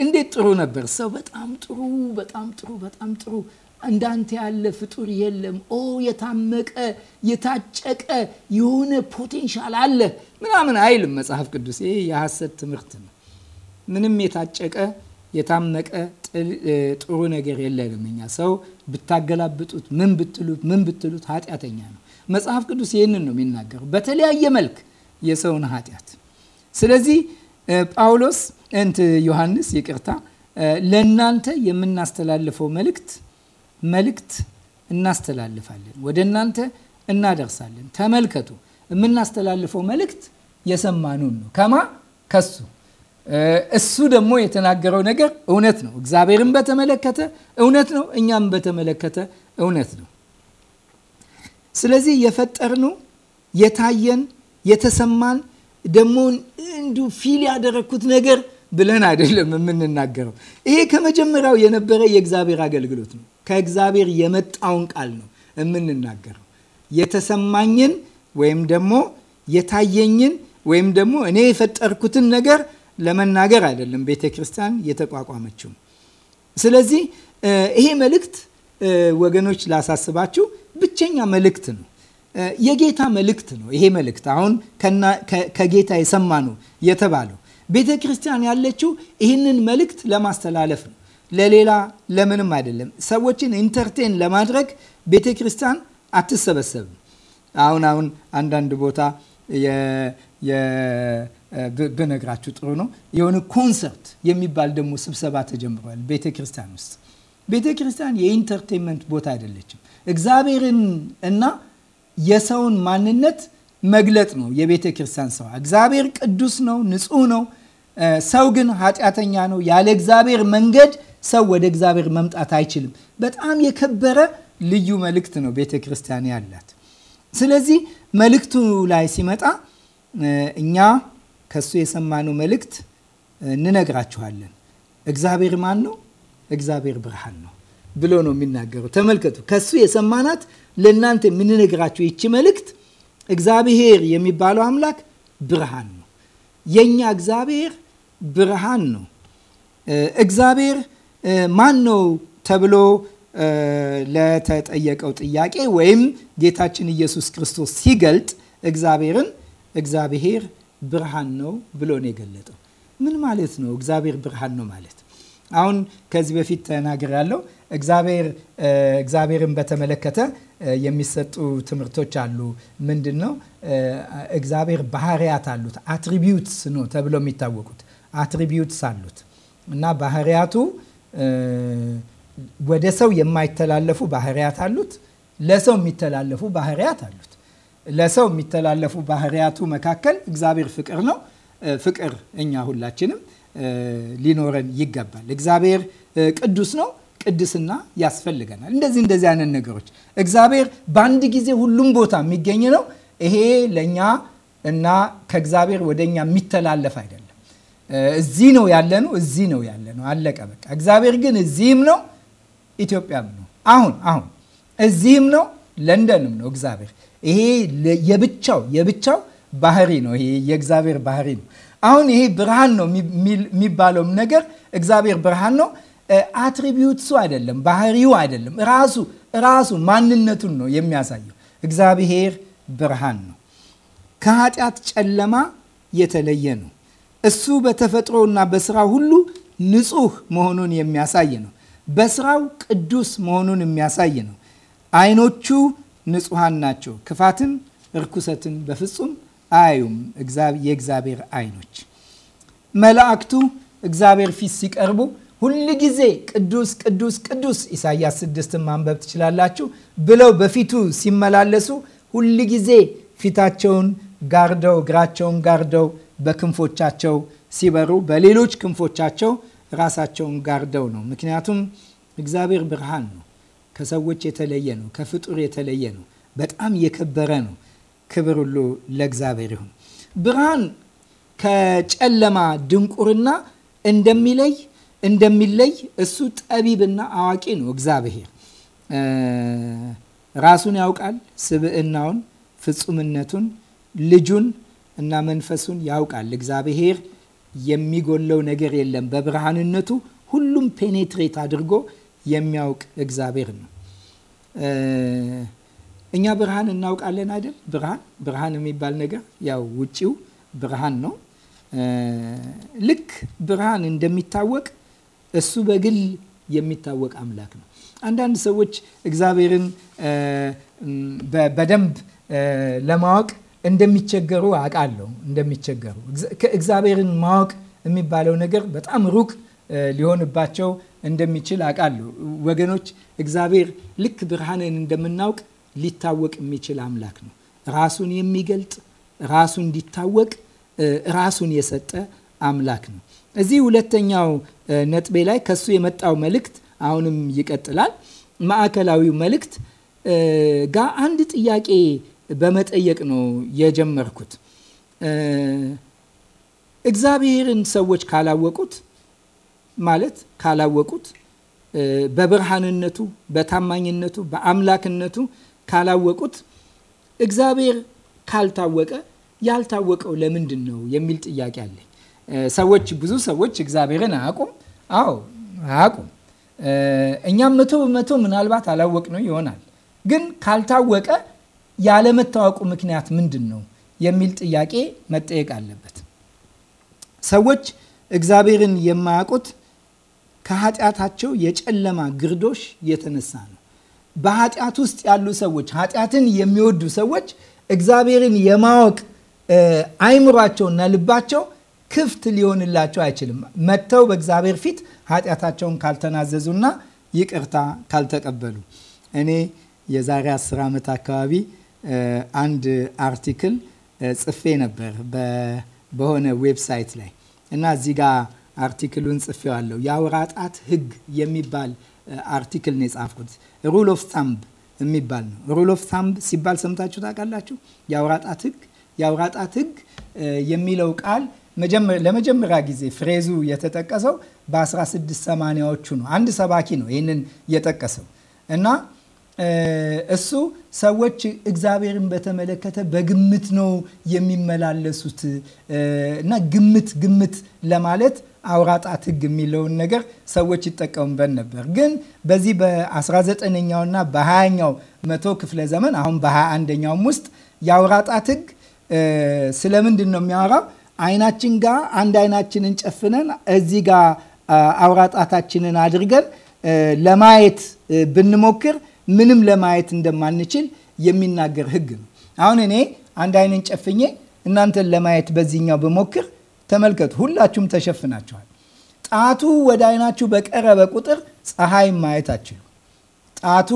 እንዴት ጥሩ ነበር ሰው በጣም ጥሩ በጣም ጥሩ በጣም ጥሩ እንዳንተ ያለ ፍጡር የለም። ኦ የታመቀ የታጨቀ የሆነ ፖቴንሻል አለ ምናምን አይልም መጽሐፍ ቅዱስ። ይሄ የሐሰት ትምህርት ነው። ምንም የታጨቀ የታመቀ ጥሩ ነገር የለንም እኛ። ሰው ብታገላብጡት፣ ምን ብትሉት፣ ምን ብትሉት ኃጢአተኛ ነው። መጽሐፍ ቅዱስ ይህንን ነው የሚናገረው በተለያየ መልክ የሰውን ኃጢአት። ስለዚህ ጳውሎስ እንት ዮሐንስ ይቅርታ፣ ለእናንተ የምናስተላልፈው መልእክት መልእክት እናስተላልፋለን፣ ወደ እናንተ እናደርሳለን። ተመልከቱ፣ የምናስተላልፈው መልእክት የሰማኑን ነው። ከማ ከሱ እሱ ደግሞ የተናገረው ነገር እውነት ነው። እግዚአብሔርን በተመለከተ እውነት ነው። እኛም በተመለከተ እውነት ነው። ስለዚህ የፈጠርነው የታየን የተሰማን ደግሞ እንዱ ፊል ያደረግኩት ነገር ብለን አይደለም የምንናገረው። ይሄ ከመጀመሪያው የነበረ የእግዚአብሔር አገልግሎት ነው። ከእግዚአብሔር የመጣውን ቃል ነው የምንናገረው። የተሰማኝን ወይም ደግሞ የታየኝን ወይም ደግሞ እኔ የፈጠርኩትን ነገር ለመናገር አይደለም ቤተ ክርስቲያን የተቋቋመችው። ስለዚህ ይሄ መልእክት ወገኖች ላሳስባችሁ፣ ብቸኛ መልእክት ነው የጌታ መልእክት ነው። ይሄ መልእክት አሁን ከጌታ የሰማ ነው የተባለው። ቤተ ክርስቲያን ያለችው ይህንን መልእክት ለማስተላለፍ ነው፣ ለሌላ ለምንም አይደለም። ሰዎችን ኢንተርቴን ለማድረግ ቤተ ክርስቲያን አትሰበሰብም። አሁን አሁን አንዳንድ ቦታ ብነግራችሁ ጥሩ ነው። የሆነ ኮንሰርት የሚባል ደግሞ ስብሰባ ተጀምሯል ቤተ ክርስቲያን ውስጥ። ቤተ ክርስቲያን የኢንተርቴንመንት ቦታ አይደለችም። እግዚአብሔርን እና የሰውን ማንነት መግለጥ ነው የቤተ ክርስቲያን ስራ። እግዚአብሔር ቅዱስ ነው፣ ንጹህ ነው። ሰው ግን ኃጢአተኛ ነው። ያለ እግዚአብሔር መንገድ ሰው ወደ እግዚአብሔር መምጣት አይችልም። በጣም የከበረ ልዩ መልእክት ነው ቤተ ክርስቲያን ያላት። ስለዚህ መልእክቱ ላይ ሲመጣ እኛ ከሱ የሰማነው መልእክት እንነግራችኋለን። እግዚአብሔር ማን ነው? እግዚአብሔር ብርሃን ነው ብሎ ነው የሚናገረው። ተመልከቱ፣ ከሱ የሰማናት ለእናንተ የምንነግራቸው ይቺ መልእክት እግዚአብሔር የሚባለው አምላክ ብርሃን ነው። የእኛ እግዚአብሔር ብርሃን ነው። እግዚአብሔር ማን ነው ተብሎ ለተጠየቀው ጥያቄ ወይም ጌታችን ኢየሱስ ክርስቶስ ሲገልጥ እግዚአብሔርን እግዚአብሔር ብርሃን ነው ብሎ ነው የገለጠው። ምን ማለት ነው እግዚአብሔር ብርሃን ነው ማለት? አሁን ከዚህ በፊት ያለው እግዚአብሔርን በተመለከተ የሚሰጡ ትምህርቶች አሉ። ምንድን ነው እግዚአብሔር ባህሪያት አሉት። አትሪቢዩትስ ነው ተብለው የሚታወቁት አትሪቢዩትስ አሉት እና ባህሪያቱ ወደ ሰው የማይተላለፉ ባህሪያት አሉት። ለሰው የሚተላለፉ ባህሪያት አሉት። ለሰው የሚተላለፉ ባህሪያቱ መካከል እግዚአብሔር ፍቅር ነው። ፍቅር እኛ ሁላችንም ሊኖረን ይገባል። እግዚአብሔር ቅዱስ ነው። ቅድስና ያስፈልገናል። እንደዚህ እንደዚህ አይነት ነገሮች እግዚአብሔር በአንድ ጊዜ ሁሉም ቦታ የሚገኝ ነው። ይሄ ለእኛ እና ከእግዚአብሔር ወደ እኛ የሚተላለፍ አይደለም። እዚህ ነው ያለ ነው፣ እዚህ ነው ያለ ነው፣ አለቀ በቃ። እግዚአብሔር ግን እዚህም ነው፣ ኢትዮጵያም ነው። አሁን አሁን እዚህም ነው፣ ለንደንም ነው እግዚአብሔር። ይሄ የብቻው የብቻው ባህሪ ነው። ይሄ የእግዚአብሔር ባህሪ ነው። አሁን ይሄ ብርሃን ነው የሚባለውም ነገር እግዚአብሔር ብርሃን ነው። አትሪቢዩትሱ አይደለም፣ ባህሪው አይደለም፣ ራሱ ራሱ ማንነቱን ነው የሚያሳየው። እግዚአብሔር ብርሃን ነው፣ ከኃጢአት ጨለማ የተለየ ነው። እሱ በተፈጥሮና በስራው ሁሉ ንጹህ መሆኑን የሚያሳይ ነው። በስራው ቅዱስ መሆኑን የሚያሳይ ነው። አይኖቹ ንጹሐን ናቸው። ክፋትን፣ እርኩሰትን በፍጹም አያዩም የእግዚአብሔር አይኖች። መላእክቱ እግዚአብሔር ፊት ሲቀርቡ ሁል ጊዜ ቅዱስ ቅዱስ ቅዱስ ኢሳያስ ስድስትን ማንበብ ትችላላችሁ ብለው በፊቱ ሲመላለሱ ሁል ጊዜ ፊታቸውን ጋርደው እግራቸውን ጋርደው በክንፎቻቸው ሲበሩ በሌሎች ክንፎቻቸው ራሳቸውን ጋርደው ነው። ምክንያቱም እግዚአብሔር ብርሃን ነው። ከሰዎች የተለየ ነው። ከፍጡር የተለየ ነው። በጣም የከበረ ነው። ክብር ሁሉ ለእግዚአብሔር ይሁን። ብርሃን ከጨለማ ድንቁርና እንደሚለይ እንደሚለይ እሱ ጠቢብና አዋቂ ነው። እግዚአብሔር ራሱን ያውቃል፣ ስብዕናውን፣ ፍጹምነቱን፣ ልጁን እና መንፈሱን ያውቃል። እግዚአብሔር የሚጎለው ነገር የለም። በብርሃንነቱ ሁሉም ፔኔትሬት አድርጎ የሚያውቅ እግዚአብሔር ነው። እኛ ብርሃን እናውቃለን አይደል? ብርሃን ብርሃን የሚባል ነገር ያው ውጪው ብርሃን ነው። ልክ ብርሃን እንደሚታወቅ እሱ በግል የሚታወቅ አምላክ ነው። አንዳንድ ሰዎች እግዚአብሔርን በደንብ ለማወቅ እንደሚቸገሩ አውቃለሁ። እንደሚቸገሩ እግዚአብሔርን ማወቅ የሚባለው ነገር በጣም ሩቅ ሊሆንባቸው እንደሚችል አውቃለሁ። ወገኖች እግዚአብሔር ልክ ብርሃንን እንደምናውቅ ሊታወቅ የሚችል አምላክ ነው። ራሱን የሚገልጥ ራሱ እንዲታወቅ ራሱን የሰጠ አምላክ ነው። እዚህ ሁለተኛው ነጥቤ ላይ ከሱ የመጣው መልእክት አሁንም ይቀጥላል። ማዕከላዊው መልእክት ጋር አንድ ጥያቄ በመጠየቅ ነው የጀመርኩት። እግዚአብሔርን ሰዎች ካላወቁት ማለት ካላወቁት በብርሃንነቱ፣ በታማኝነቱ፣ በአምላክነቱ ካላወቁት እግዚአብሔር ካልታወቀ ያልታወቀው ለምንድን ነው የሚል ጥያቄ አለኝ። ሰዎች ብዙ ሰዎች እግዚአብሔርን አያውቁም። አዎ አያውቁም። እኛም መቶ በመቶ ምናልባት አላወቅ ነው ይሆናል። ግን ካልታወቀ ያለመታወቁ ምክንያት ምንድን ነው የሚል ጥያቄ መጠየቅ አለበት። ሰዎች እግዚአብሔርን የማያውቁት ከኃጢአታቸው የጨለማ ግርዶሽ የተነሳ ነው። በኃጢአት ውስጥ ያሉ ሰዎች፣ ኃጢአትን የሚወዱ ሰዎች እግዚአብሔርን የማወቅ አይምሯቸውና ልባቸው ክፍት ሊሆንላቸው አይችልም። መጥተው በእግዚአብሔር ፊት ኃጢአታቸውን ካልተናዘዙና ይቅርታ ካልተቀበሉ። እኔ የዛሬ 10 ዓመት አካባቢ አንድ አርቲክል ጽፌ ነበር በሆነ ዌብሳይት ላይ እና እዚህ ጋር አርቲክሉን ጽፌዋለሁ። የአውራ ጣት ሕግ የሚባል አርቲክል ነው የጻፍኩት። ሩል ኦፍ ሳምብ የሚባል ነው። ሩል ኦፍ ሳምብ ሲባል ሰምታችሁ ታውቃላችሁ? የአውራ ጣት ሕግ የአውራ ጣት ሕግ የሚለው ቃል ለመጀመሪያ ጊዜ ፍሬዙ የተጠቀሰው በ1680ዎቹ ነው። አንድ ሰባኪ ነው ይህንን የጠቀሰው እና እሱ ሰዎች እግዚአብሔርን በተመለከተ በግምት ነው የሚመላለሱት እና ግምት ግምት ለማለት አውራጣት ሕግ የሚለውን ነገር ሰዎች ይጠቀሙበት ነበር። ግን በዚህ በ 19 እና በ20ኛው መቶ ክፍለ ዘመን አሁን በ21ኛውም ውስጥ የአውራጣት ሕግ ስለምንድን ነው የሚያወራው? አይናችን ጋር አንድ አይናችንን ጨፍነን እዚህ ጋር አውራጣታችንን አድርገን ለማየት ብንሞክር ምንም ለማየት እንደማንችል የሚናገር ህግ ነው። አሁን እኔ አንድ አይንን ጨፍኜ እናንተን ለማየት በዚህኛው ብሞክር ተመልከቱ፣ ሁላችሁም ተሸፍናችኋል። ጣቱ ወደ አይናችሁ በቀረበ ቁጥር ፀሐይ ማየት አችሉ ጣቱ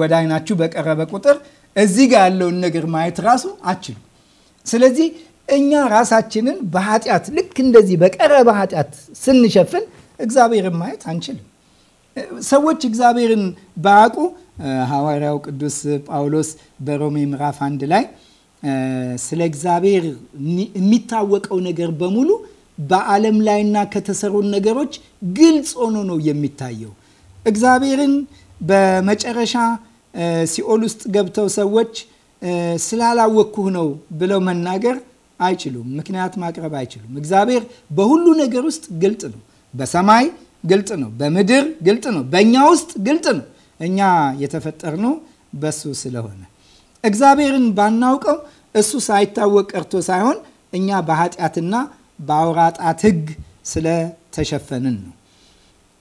ወደ አይናችሁ በቀረበ ቁጥር እዚህ ጋር ያለውን ነገር ማየት ራሱ አችሉ ስለዚህ እኛ ራሳችንን በኃጢአት ልክ እንደዚህ በቀረበ ኃጢአት ስንሸፍን እግዚአብሔርን ማየት አንችልም። ሰዎች እግዚአብሔርን ባያውቁ ሐዋርያው ቅዱስ ጳውሎስ በሮሜ ምዕራፍ አንድ ላይ ስለ እግዚአብሔር የሚታወቀው ነገር በሙሉ በዓለም ላይና ከተሰሩን ነገሮች ግልጽ ሆኖ ነው የሚታየው። እግዚአብሔርን በመጨረሻ ሲኦል ውስጥ ገብተው ሰዎች ስላላወቅኩህ ነው ብለው መናገር አይችሉም። ምክንያት ማቅረብ አይችሉም። እግዚአብሔር በሁሉ ነገር ውስጥ ግልጥ ነው። በሰማይ ግልጥ ነው። በምድር ግልጥ ነው። በእኛ ውስጥ ግልጥ ነው። እኛ የተፈጠርነው በሱ ስለሆነ እግዚአብሔርን ባናውቀው እሱ ሳይታወቅ ቀርቶ ሳይሆን እኛ በኃጢአትና በአውራጣት ሕግ ስለተሸፈንን ነው።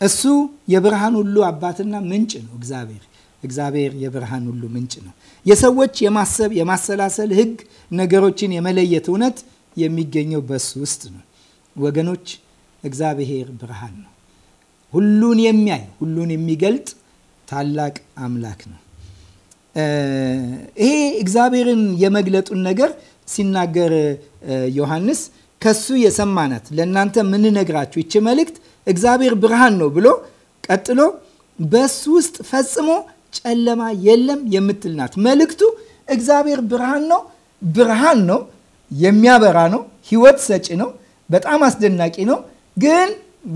እሱ የብርሃን ሁሉ አባትና ምንጭ ነው። እግዚአብሔር እግዚአብሔር የብርሃን ሁሉ ምንጭ ነው። የሰዎች የማሰብ የማሰላሰል ህግ ነገሮችን የመለየት እውነት የሚገኘው በሱ ውስጥ ነው። ወገኖች እግዚአብሔር ብርሃን ነው። ሁሉን የሚያይ ሁሉን የሚገልጥ ታላቅ አምላክ ነው። ይሄ እግዚአብሔርን የመግለጡን ነገር ሲናገር ዮሐንስ ከሱ የሰማናት ለእናንተ ምንነግራችሁ ይቺ መልእክት እግዚአብሔር ብርሃን ነው ብሎ ቀጥሎ በሱ ውስጥ ፈጽሞ ጨለማ የለም የምትል ናት። መልእክቱ እግዚአብሔር ብርሃን ነው፣ ብርሃን ነው፣ የሚያበራ ነው፣ ህይወት ሰጪ ነው፣ በጣም አስደናቂ ነው። ግን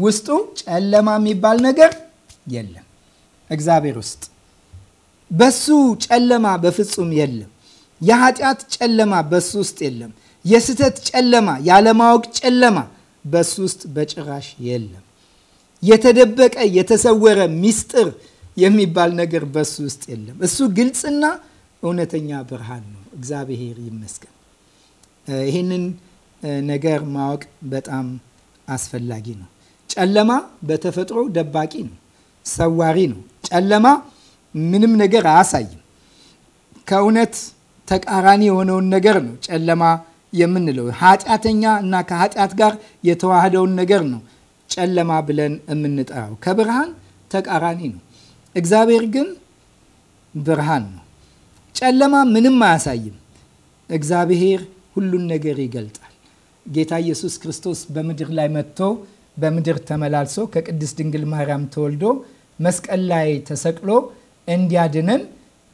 ውስጡ ጨለማ የሚባል ነገር የለም። እግዚአብሔር ውስጥ በሱ ጨለማ በፍጹም የለም። የኃጢአት ጨለማ በሱ ውስጥ የለም። የስህተት ጨለማ፣ ያለማወቅ ጨለማ በሱ ውስጥ በጭራሽ የለም። የተደበቀ የተሰወረ ሚስጥር የሚባል ነገር በሱ ውስጥ የለም። እሱ ግልጽና እውነተኛ ብርሃን ነው። እግዚአብሔር ይመስገን። ይህንን ነገር ማወቅ በጣም አስፈላጊ ነው። ጨለማ በተፈጥሮ ደባቂ ነው፣ ሰዋሪ ነው። ጨለማ ምንም ነገር አያሳይም። ከእውነት ተቃራኒ የሆነውን ነገር ነው ጨለማ የምንለው። ኃጢአተኛ እና ከኃጢአት ጋር የተዋህደውን ነገር ነው ጨለማ ብለን የምንጠራው። ከብርሃን ተቃራኒ ነው። እግዚአብሔር ግን ብርሃን ነው። ጨለማ ምንም አያሳይም። እግዚአብሔር ሁሉን ነገር ይገልጣል። ጌታ ኢየሱስ ክርስቶስ በምድር ላይ መጥቶ በምድር ተመላልሶ ከቅድስት ድንግል ማርያም ተወልዶ መስቀል ላይ ተሰቅሎ እንዲያድነን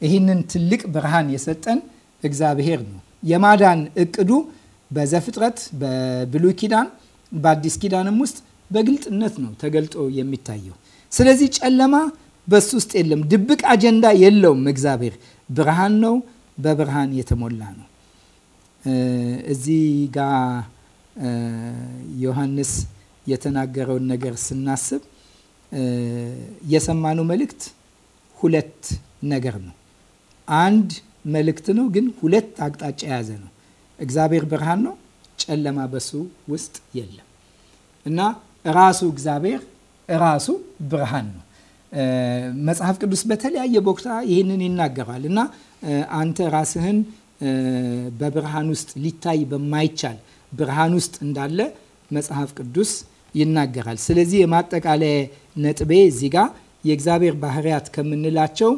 ይህንን ትልቅ ብርሃን የሰጠን እግዚአብሔር ነው። የማዳን እቅዱ በዘፍጥረት በብሉይ ኪዳን በአዲስ ኪዳንም ውስጥ በግልጥነት ነው ተገልጦ የሚታየው። ስለዚህ ጨለማ በሱ ውስጥ የለም። ድብቅ አጀንዳ የለውም። እግዚአብሔር ብርሃን ነው። በብርሃን የተሞላ ነው። እዚህ ጋ ዮሐንስ የተናገረውን ነገር ስናስብ የሰማነው መልእክት ሁለት ነገር ነው። አንድ መልእክት ነው፣ ግን ሁለት አቅጣጫ የያዘ ነው። እግዚአብሔር ብርሃን ነው። ጨለማ በሱ ውስጥ የለም እና ራሱ እግዚአብሔር ራሱ ብርሃን ነው። መጽሐፍ ቅዱስ በተለያየ ቦታ ይህንን ይናገራል እና አንተ ራስህን በብርሃን ውስጥ ሊታይ በማይቻል ብርሃን ውስጥ እንዳለ መጽሐፍ ቅዱስ ይናገራል። ስለዚህ የማጠቃለያ ነጥቤ እዚህ ጋ የእግዚአብሔር ባህሪያት ከምንላቸው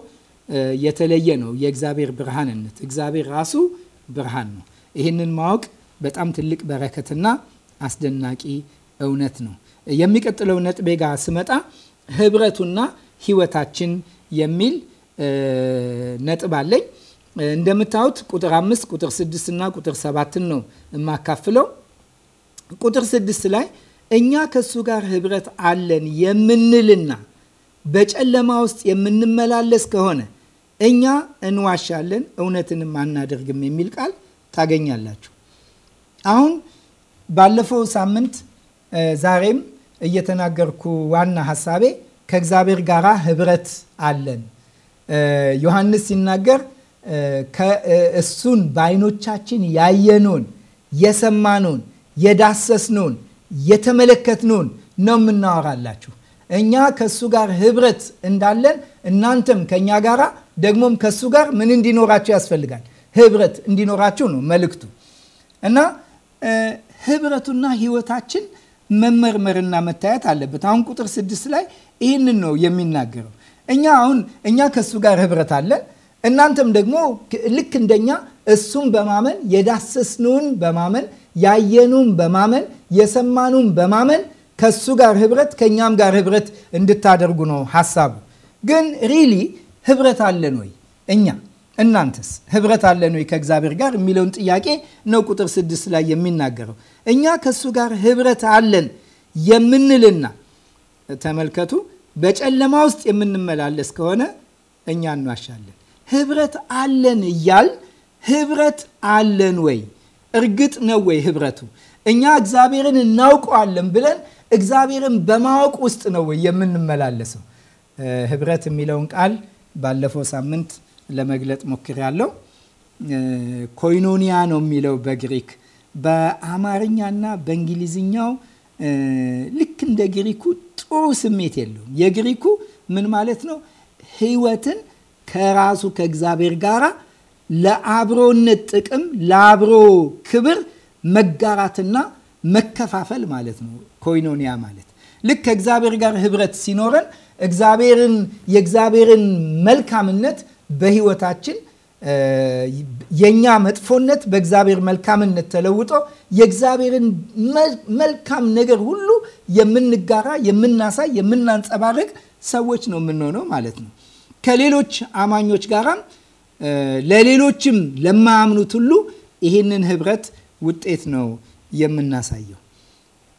የተለየ ነው። የእግዚአብሔር ብርሃንነት እግዚአብሔር ራሱ ብርሃን ነው። ይህንን ማወቅ በጣም ትልቅ በረከትና አስደናቂ እውነት ነው። የሚቀጥለው ነጥቤ ጋር ስመጣ ህብረቱና ህይወታችን የሚል ነጥብ አለኝ። እንደምታዩት ቁጥር አምስት ቁጥር ስድስት እና ቁጥር ሰባትን ነው የማካፍለው። ቁጥር ስድስት ላይ እኛ ከእሱ ጋር ህብረት አለን የምንልና በጨለማ ውስጥ የምንመላለስ ከሆነ እኛ እንዋሻለን እውነትንም አናደርግም የሚል ቃል ታገኛላችሁ። አሁን ባለፈው ሳምንት ዛሬም እየተናገርኩ ዋና ሀሳቤ ከእግዚአብሔር ጋር ህብረት አለን። ዮሐንስ ሲናገር እሱን በአይኖቻችን ያየነውን የሰማነውን የዳሰስነውን የተመለከትነውን ነው የምናወራላችሁ። እኛ ከእሱ ጋር ህብረት እንዳለን እናንተም ከእኛ ጋራ ደግሞም ከእሱ ጋር ምን እንዲኖራችሁ ያስፈልጋል? ህብረት እንዲኖራችሁ ነው መልእክቱ እና ህብረቱና ህይወታችን መመርመርና መታየት አለበት። አሁን ቁጥር ስድስት ላይ ይህንን ነው የሚናገረው። እኛ አሁን እኛ ከእሱ ጋር ህብረት አለን። እናንተም ደግሞ ልክ እንደኛ እሱን በማመን የዳሰስነውን በማመን ያየኑን በማመን የሰማኑን በማመን ከሱ ጋር ህብረት ከእኛም ጋር ህብረት እንድታደርጉ ነው ሀሳቡ። ግን ሪሊ ህብረት አለን ወይ እኛ እናንተስ ህብረት አለን ወይ ከእግዚአብሔር ጋር የሚለውን ጥያቄ ነው ቁጥር ስድስት ላይ የሚናገረው። እኛ ከእሱ ጋር ህብረት አለን የምንልና ተመልከቱ፣ በጨለማ ውስጥ የምንመላለስ ከሆነ እኛ እንዋሻለን። ህብረት አለን እያል ህብረት አለን ወይ? እርግጥ ነው ወይ ህብረቱ? እኛ እግዚአብሔርን እናውቀዋለን ብለን እግዚአብሔርን በማወቅ ውስጥ ነው ወይ የምንመላለሰው? ህብረት የሚለውን ቃል ባለፈው ሳምንት ለመግለጥ ያለው ኮይኖኒያ ነው የሚለው በግሪክ በአማርኛና በእንግሊዝኛው ልክ እንደ ግሪኩ ጥሩ ስሜት የለውም። የግሪኩ ምን ማለት ነው? ህይወትን ከራሱ ከእግዚአብሔር ጋራ ለአብሮነት ጥቅም፣ ለአብሮ ክብር መጋራትና መከፋፈል ማለት ነው ኮይኖኒያ ማለት ልክ ከእግዚአብሔር ጋር ህብረት ሲኖረን እግዚአብሔርን የእግዚአብሔርን መልካምነት በህይወታችን የእኛ መጥፎነት በእግዚአብሔር መልካምነት ተለውጦ የእግዚአብሔርን መልካም ነገር ሁሉ የምንጋራ፣ የምናሳይ፣ የምናንጸባርቅ ሰዎች ነው የምንሆነው ማለት ነው። ከሌሎች አማኞች ጋራም ለሌሎችም ለማያምኑት ሁሉ ይህንን ህብረት ውጤት ነው የምናሳየው።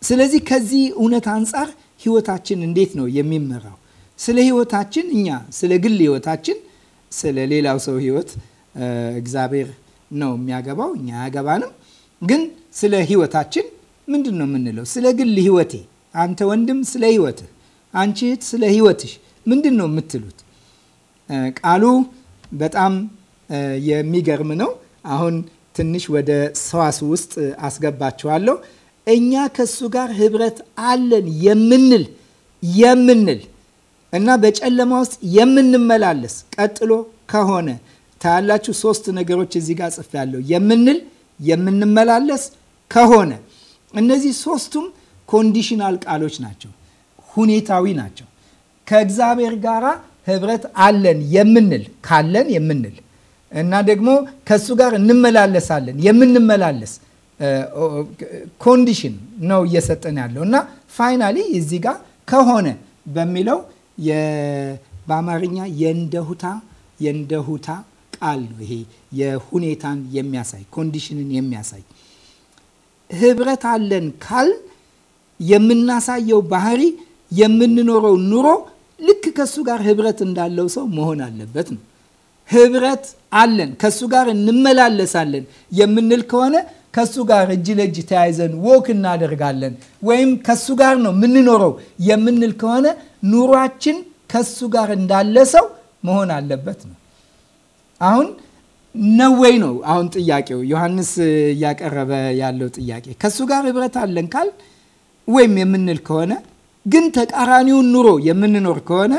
ስለዚህ ከዚህ እውነት አንጻር ህይወታችን እንዴት ነው የሚመራው? ስለ ህይወታችን እኛ ስለ ግል ህይወታችን ስለ ሌላው ሰው ህይወት እግዚአብሔር ነው የሚያገባው፣ እኛ አያገባንም። ግን ስለ ህይወታችን ምንድን ነው የምንለው? ስለ ግል ህይወቴ፣ አንተ ወንድም ስለ ህይወትህ፣ አንቺ እህት ስለ ህይወትሽ ምንድን ነው የምትሉት? ቃሉ በጣም የሚገርም ነው። አሁን ትንሽ ወደ ሰዋስ ውስጥ አስገባችኋለሁ። እኛ ከእሱ ጋር ህብረት አለን የምንል የምንል እና በጨለማ ውስጥ የምንመላለስ ቀጥሎ ከሆነ ታያላችሁ። ሶስት ነገሮች እዚህ ጋር ያለው የምንል የምንመላለስ ከሆነ እነዚህ ሶስቱም ኮንዲሽናል ቃሎች ናቸው፣ ሁኔታዊ ናቸው። ከእግዚአብሔር ጋር ህብረት አለን የምንል ካለን የምንል እና ደግሞ ከእሱ ጋር እንመላለሳለን የምንመላለስ ኮንዲሽን ነው እየሰጠን ያለው እና ፋይናሊ እዚህ ጋር ከሆነ በሚለው በአማርኛ የእንደሁታ የእንደሁታ ቃል ነው። ይሄ የሁኔታን የሚያሳይ ኮንዲሽንን የሚያሳይ ህብረት አለን ካል የምናሳየው ባህሪ የምንኖረው ኑሮ ልክ ከሱ ጋር ህብረት እንዳለው ሰው መሆን አለበት ነው። ህብረት አለን ከሱ ጋር እንመላለሳለን የምንል ከሆነ ከሱ ጋር እጅ ለእጅ ተያይዘን ወክ እናደርጋለን ወይም ከሱ ጋር ነው የምንኖረው የምንል ከሆነ ኑሯችን ከሱ ጋር እንዳለ ሰው መሆን አለበት ነው። አሁን ነው ወይ ነው አሁን ጥያቄው ዮሐንስ እያቀረበ ያለው ጥያቄ። ከሱ ጋር ህብረት አለን ካል ወይም የምንል ከሆነ ግን ተቃራኒውን ኑሮ የምንኖር ከሆነ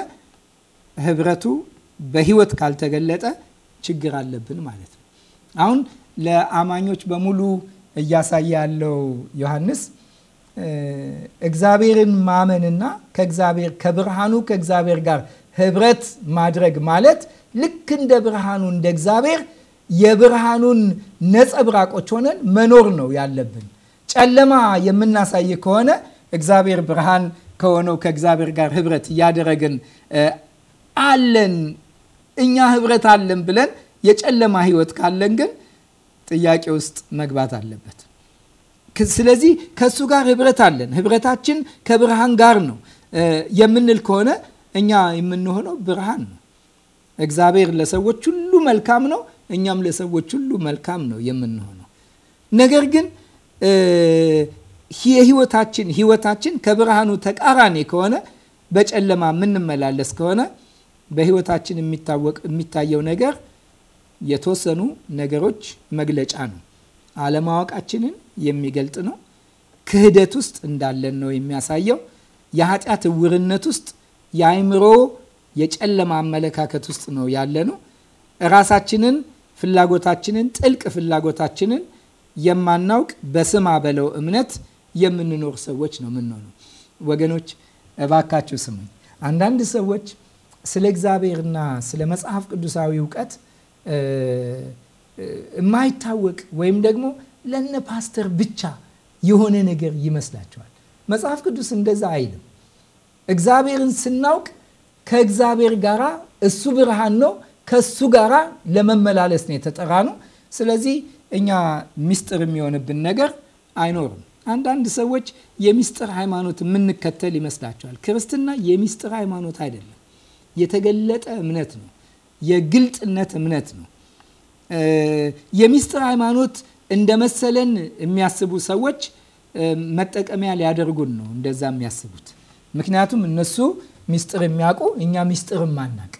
ህብረቱ በህይወት ካልተገለጠ ችግር አለብን ማለት ነው። አሁን ለአማኞች በሙሉ እያሳየ ያለው ዮሐንስ እግዚአብሔርን ማመንና ከእግዚአብሔር ከብርሃኑ ከእግዚአብሔር ጋር ህብረት ማድረግ ማለት ልክ እንደ ብርሃኑ እንደ እግዚአብሔር የብርሃኑን ነጸብራቆች ሆነን መኖር ነው ያለብን። ጨለማ የምናሳይ ከሆነ እግዚአብሔር ብርሃን ከሆነው ከእግዚአብሔር ጋር ህብረት እያደረግን አለን እኛ ህብረት አለን ብለን የጨለማ ህይወት ካለን ግን ጥያቄ ውስጥ መግባት አለበት። ስለዚህ ከእሱ ጋር ህብረት አለን። ህብረታችን ከብርሃን ጋር ነው የምንል ከሆነ እኛ የምንሆነው ብርሃን ነው። እግዚአብሔር ለሰዎች ሁሉ መልካም ነው፣ እኛም ለሰዎች ሁሉ መልካም ነው የምንሆነው። ነገር ግን የህይወታችን ህይወታችን ከብርሃኑ ተቃራኒ ከሆነ በጨለማ የምንመላለስ ከሆነ በህይወታችን የሚታየው ነገር የተወሰኑ ነገሮች መግለጫ ነው። አለማወቃችንን የሚገልጥ ነው። ክህደት ውስጥ እንዳለን ነው የሚያሳየው። የኃጢአት እውርነት ውስጥ የአእምሮ የጨለማ አመለካከት ውስጥ ነው ያለ ነው። ራሳችንን፣ ፍላጎታችንን፣ ጥልቅ ፍላጎታችንን የማናውቅ በስም በለው እምነት የምንኖር ሰዎች ነው የምንሆነው። ወገኖች እባካችሁ ስሙኝ። አንዳንድ ሰዎች ስለ እግዚአብሔርና ስለ መጽሐፍ ቅዱሳዊ እውቀት የማይታወቅ ወይም ደግሞ ለነ ፓስተር ብቻ የሆነ ነገር ይመስላቸዋል። መጽሐፍ ቅዱስ እንደዛ አይልም። እግዚአብሔርን ስናውቅ ከእግዚአብሔር ጋራ እሱ ብርሃን ነው፣ ከሱ ጋራ ለመመላለስ ነው የተጠራ ነው። ስለዚህ እኛ ሚስጥር የሚሆንብን ነገር አይኖርም። አንዳንድ ሰዎች የሚስጥር ሃይማኖት የምንከተል ይመስላቸዋል። ክርስትና የሚስጥር ሃይማኖት አይደለም፣ የተገለጠ እምነት ነው። የግልጥነት እምነት ነው። የሚስጥር ሃይማኖት እንደመሰለን የሚያስቡ ሰዎች መጠቀሚያ ሊያደርጉን ነው እንደዛ የሚያስቡት። ምክንያቱም እነሱ ሚስጥር የሚያውቁ እኛ ሚስጥር ማናቅ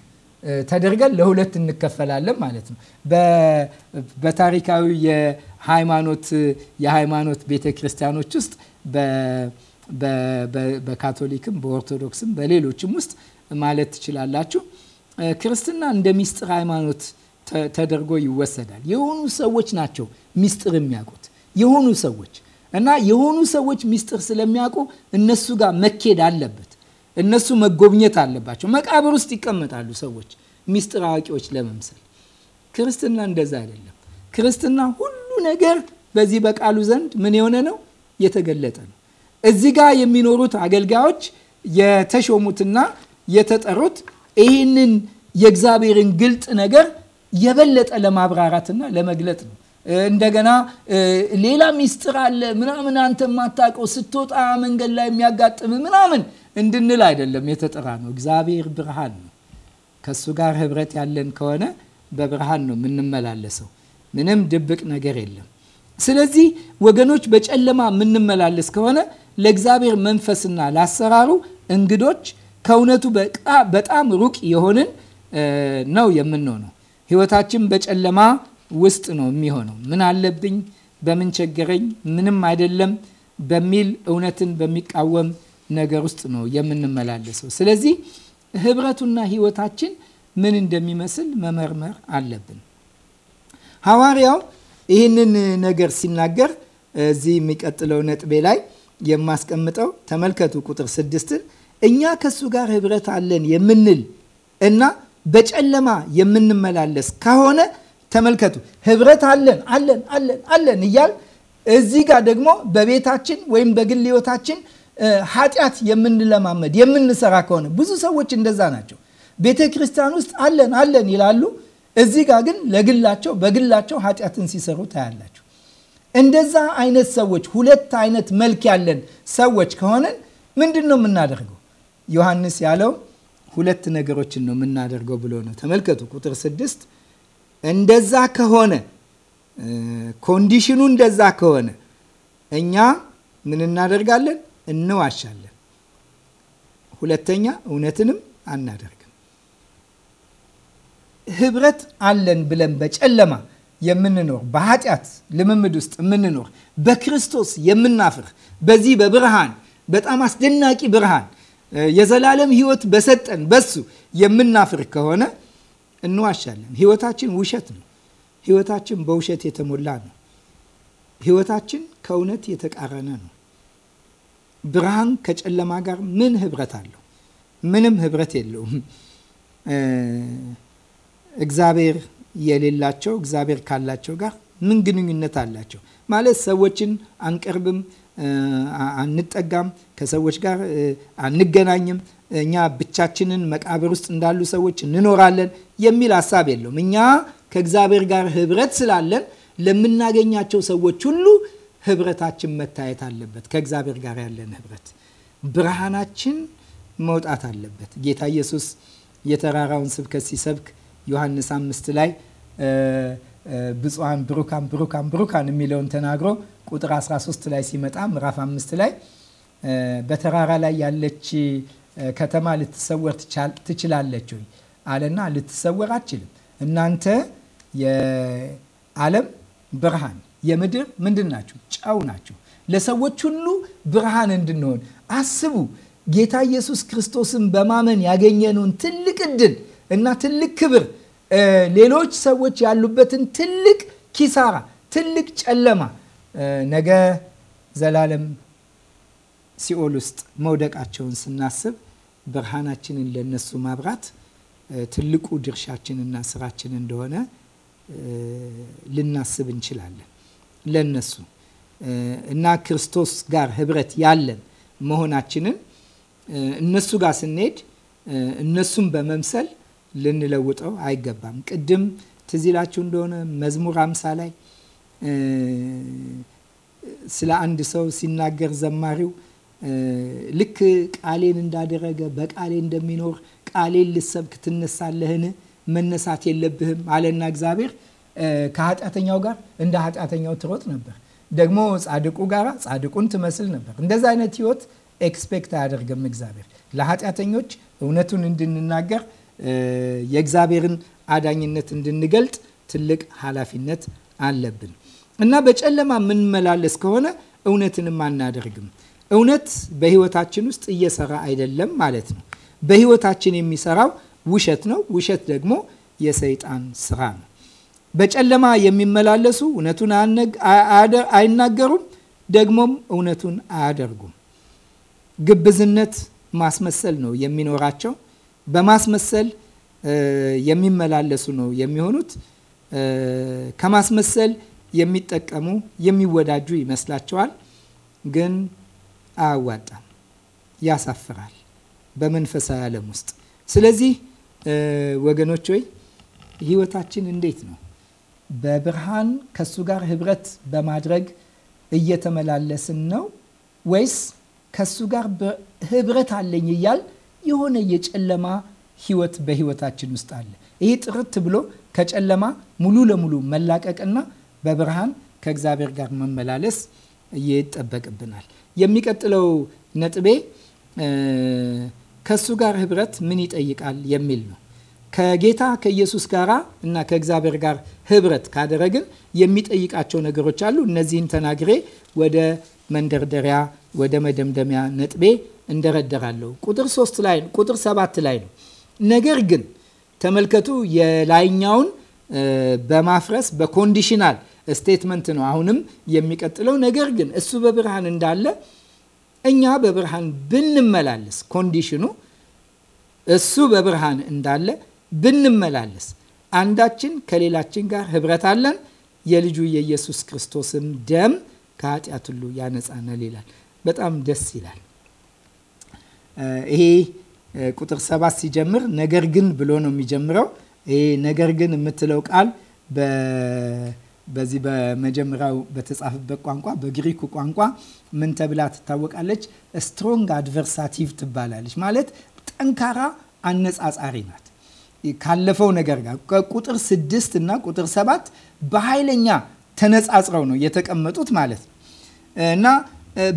ተደርገን ለሁለት እንከፈላለን ማለት ነው። በታሪካዊ የሃይማኖት የሃይማኖት ቤተ ክርስቲያኖች ውስጥ በካቶሊክም፣ በኦርቶዶክስም በሌሎችም ውስጥ ማለት ትችላላችሁ ክርስትና እንደ ሚስጥር ሃይማኖት ተደርጎ ይወሰዳል። የሆኑ ሰዎች ናቸው ሚስጥር የሚያውቁት የሆኑ ሰዎች እና የሆኑ ሰዎች ሚስጥር ስለሚያውቁ እነሱ ጋር መኬድ አለበት። እነሱ መጎብኘት አለባቸው። መቃብር ውስጥ ይቀመጣሉ ሰዎች ሚስጥር አዋቂዎች ለመምሰል። ክርስትና እንደዛ አይደለም። ክርስትና ሁሉ ነገር በዚህ በቃሉ ዘንድ ምን የሆነ ነው የተገለጠ ነው። እዚህ ጋር የሚኖሩት አገልጋዮች የተሾሙትና የተጠሩት ይህንን የእግዚአብሔርን ግልጥ ነገር የበለጠ ለማብራራትና ለመግለጥ ነው። እንደገና ሌላ ሚስጥር አለ ምናምን አንተ የማታውቀው ስትወጣ መንገድ ላይ የሚያጋጥም ምናምን እንድንል አይደለም የተጠራ ነው። እግዚአብሔር ብርሃን ነው። ከእሱ ጋር ህብረት ያለን ከሆነ በብርሃን ነው የምንመላለሰው። ምንም ድብቅ ነገር የለም። ስለዚህ ወገኖች፣ በጨለማ የምንመላለስ ከሆነ ለእግዚአብሔር መንፈስና ለአሰራሩ እንግዶች ከእውነቱ በጣም ሩቅ የሆንን ነው የምንሆነው። ህይወታችን በጨለማ ውስጥ ነው የሚሆነው። ምን አለብኝ፣ በምን ቸገረኝ፣ ምንም አይደለም በሚል እውነትን በሚቃወም ነገር ውስጥ ነው የምንመላለሰው። ስለዚህ ህብረቱና ህይወታችን ምን እንደሚመስል መመርመር አለብን። ሐዋርያው ይህንን ነገር ሲናገር እዚህ የሚቀጥለው ነጥቤ ላይ የማስቀምጠው ተመልከቱ ቁጥር ስድስትን እኛ ከእሱ ጋር ህብረት አለን የምንል እና በጨለማ የምንመላለስ ከሆነ ተመልከቱ፣ ህብረት አለን አለን አለን አለን እያል እዚህ ጋር ደግሞ በቤታችን ወይም በግል ህይወታችን ኃጢአት የምንለማመድ የምንሰራ ከሆነ ብዙ ሰዎች እንደዛ ናቸው። ቤተ ክርስቲያን ውስጥ አለን አለን ይላሉ፣ እዚህ ጋር ግን ለግላቸው በግላቸው ኃጢአትን ሲሰሩ ታያላቸው። እንደዛ አይነት ሰዎች ሁለት አይነት መልክ ያለን ሰዎች ከሆነን ምንድን ነው የምናደርገው? ዮሐንስ ያለው ሁለት ነገሮችን ነው የምናደርገው ብሎ ነው። ተመልከቱ ቁጥር ስድስት እንደዛ ከሆነ ኮንዲሽኑ እንደዛ ከሆነ እኛ ምን እናደርጋለን? እንዋሻለን። ሁለተኛ እውነትንም አናደርግም። ህብረት አለን ብለን በጨለማ የምንኖር በኃጢአት ልምምድ ውስጥ የምንኖር በክርስቶስ የምናፍር በዚህ በብርሃን በጣም አስደናቂ ብርሃን የዘላለም ህይወት በሰጠን በሱ የምናፍር ከሆነ እንዋሻለን። ህይወታችን ውሸት ነው። ህይወታችን በውሸት የተሞላ ነው። ህይወታችን ከእውነት የተቃረነ ነው። ብርሃን ከጨለማ ጋር ምን ህብረት አለው? ምንም ህብረት የለውም። እግዚአብሔር የሌላቸው እግዚአብሔር ካላቸው ጋር ምን ግንኙነት አላቸው? ማለት ሰዎችን አንቀርብም፣ አንጠጋም፣ ከሰዎች ጋር አንገናኝም፣ እኛ ብቻችንን መቃብር ውስጥ እንዳሉ ሰዎች እንኖራለን የሚል ሀሳብ የለውም። እኛ ከእግዚአብሔር ጋር ህብረት ስላለን ለምናገኛቸው ሰዎች ሁሉ ህብረታችን መታየት አለበት። ከእግዚአብሔር ጋር ያለን ህብረት ብርሃናችን መውጣት አለበት። ጌታ ኢየሱስ የተራራውን ስብከት ሲሰብክ ዮሐንስ አምስት ላይ ብፁዓን ብሩካን ብሩካን ብሩካን የሚለውን ተናግሮ ቁጥር 13 ላይ ሲመጣ ምዕራፍ 5 ላይ በተራራ ላይ ያለች ከተማ ልትሰወር ትችላለች ወይ አለና ልትሰወር አትችልም። እናንተ የዓለም ብርሃን የምድር ምንድን ናችሁ? ጨው ናችሁ። ለሰዎች ሁሉ ብርሃን እንድንሆን አስቡ። ጌታ ኢየሱስ ክርስቶስን በማመን ያገኘነውን ትልቅ እድል እና ትልቅ ክብር፣ ሌሎች ሰዎች ያሉበትን ትልቅ ኪሳራ፣ ትልቅ ጨለማ ነገ ዘላለም ሲኦል ውስጥ መውደቃቸውን ስናስብ ብርሃናችንን ለነሱ ማብራት ትልቁ ድርሻችንና ስራችን እንደሆነ ልናስብ እንችላለን። ለነሱ እና ክርስቶስ ጋር ህብረት ያለን መሆናችንን እነሱ ጋር ስንሄድ እነሱን በመምሰል ልንለውጠው አይገባም። ቅድም ትዝ ይላችሁ እንደሆነ መዝሙር አምሳ ላይ ስለ አንድ ሰው ሲናገር ዘማሪው ልክ ቃሌን እንዳደረገ በቃሌ እንደሚኖር ቃሌን ልሰብክ ትነሳለህን? መነሳት የለብህም አለና እግዚአብሔር ከኃጢአተኛው ጋር እንደ ኃጢአተኛው ትሮጥ ነበር። ደግሞ ጻድቁ ጋር ጻድቁን ትመስል ነበር። እንደዚ አይነት ህይወት ኤክስፔክት አያደርግም እግዚአብሔር። ለኃጢአተኞች እውነቱን እንድንናገር የእግዚአብሔርን አዳኝነት እንድንገልጥ ትልቅ ኃላፊነት አለብን። እና በጨለማ የምንመላለስ ከሆነ እውነትንም አናደርግም። እውነት በህይወታችን ውስጥ እየሰራ አይደለም ማለት ነው። በህይወታችን የሚሰራው ውሸት ነው። ውሸት ደግሞ የሰይጣን ስራ ነው። በጨለማ የሚመላለሱ እውነቱን አይናገሩም፣ ደግሞም እውነቱን አያደርጉም። ግብዝነት ማስመሰል ነው የሚኖራቸው። በማስመሰል የሚመላለሱ ነው የሚሆኑት። ከማስመሰል የሚጠቀሙ የሚወዳጁ ይመስላቸዋል። ግን አያዋጣም፣ ያሳፍራል በመንፈሳዊ ዓለም ውስጥ። ስለዚህ ወገኖች ወይ ህይወታችን እንዴት ነው? በብርሃን ከእሱ ጋር ህብረት በማድረግ እየተመላለስን ነው ወይስ ከሱ ጋር ህብረት አለኝ እያል የሆነ የጨለማ ህይወት በህይወታችን ውስጥ አለ? ይህ ጥርት ብሎ ከጨለማ ሙሉ ለሙሉ መላቀቅና በብርሃን ከእግዚአብሔር ጋር መመላለስ ይጠበቅብናል። የሚቀጥለው ነጥቤ ከእሱ ጋር ህብረት ምን ይጠይቃል የሚል ነው። ከጌታ ከኢየሱስ ጋር እና ከእግዚአብሔር ጋር ህብረት ካደረግን የሚጠይቃቸው ነገሮች አሉ። እነዚህን ተናግሬ ወደ መንደርደሪያ ወደ መደምደሚያ ነጥቤ እንደረደራለሁ። ቁጥር ሶስት ላይ ቁጥር ሰባት ላይ ነው። ነገር ግን ተመልከቱ የላይኛውን በማፍረስ በኮንዲሽናል ስቴትመንት ነው አሁንም የሚቀጥለው። ነገር ግን እሱ በብርሃን እንዳለ እኛ በብርሃን ብንመላለስ፣ ኮንዲሽኑ እሱ በብርሃን እንዳለ ብንመላለስ፣ አንዳችን ከሌላችን ጋር ህብረት አለን፣ የልጁ የኢየሱስ ክርስቶስም ደም ከኃጢአት ሁሉ ያነጻናል ይላል። በጣም ደስ ይላል። ይሄ ቁጥር ሰባት ሲጀምር ነገር ግን ብሎ ነው የሚጀምረው ይሄ ነገር ግን የምትለው ቃል በዚህ በመጀመሪያው በተጻፈበት ቋንቋ በግሪኩ ቋንቋ ምን ተብላ ትታወቃለች? ስትሮንግ አድቨርሳቲቭ ትባላለች። ማለት ጠንካራ አነጻጻሪ ናት። ካለፈው ነገር ጋር ቁጥር ስድስት እና ቁጥር ሰባት በኃይለኛ ተነጻጽረው ነው የተቀመጡት ማለት ነው እና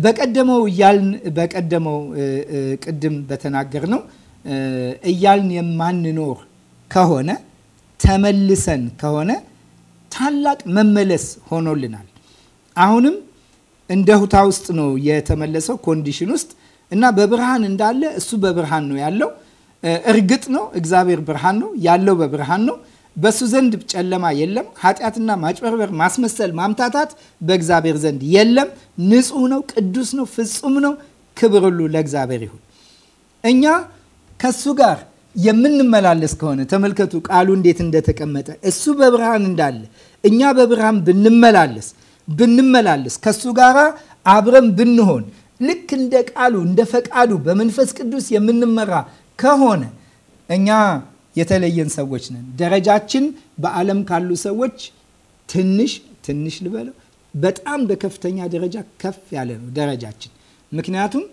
በቀደመው እያልን በቀደመው ቅድም በተናገር ነው እያልን የማንኖር ከሆነ ተመልሰን ከሆነ ታላቅ መመለስ ሆኖልናል። አሁንም እንደ ሁታ ውስጥ ነው የተመለሰው ኮንዲሽን ውስጥ እና በብርሃን እንዳለ እሱ በብርሃን ነው ያለው። እርግጥ ነው እግዚአብሔር ብርሃን ነው ያለው፣ በብርሃን ነው። በሱ ዘንድ ጨለማ የለም። ኃጢአትና ማጭበርበር፣ ማስመሰል፣ ማምታታት በእግዚአብሔር ዘንድ የለም። ንጹህ ነው፣ ቅዱስ ነው፣ ፍጹም ነው። ክብር ሁሉ ለእግዚአብሔር ይሁን። እኛ ከሱ ጋር የምንመላለስ ከሆነ ተመልከቱ ቃሉ እንዴት እንደተቀመጠ እሱ በብርሃን እንዳለ እኛ በብርሃን ብንመላለስ ብንመላለስ ከእሱ ጋራ አብረን ብንሆን ልክ እንደ ቃሉ እንደ ፈቃዱ በመንፈስ ቅዱስ የምንመራ ከሆነ እኛ የተለየን ሰዎች ነን። ደረጃችን በዓለም ካሉ ሰዎች ትንሽ ትንሽ ልበለው በጣም በከፍተኛ ደረጃ ከፍ ያለ ነው ደረጃችን። ምክንያቱም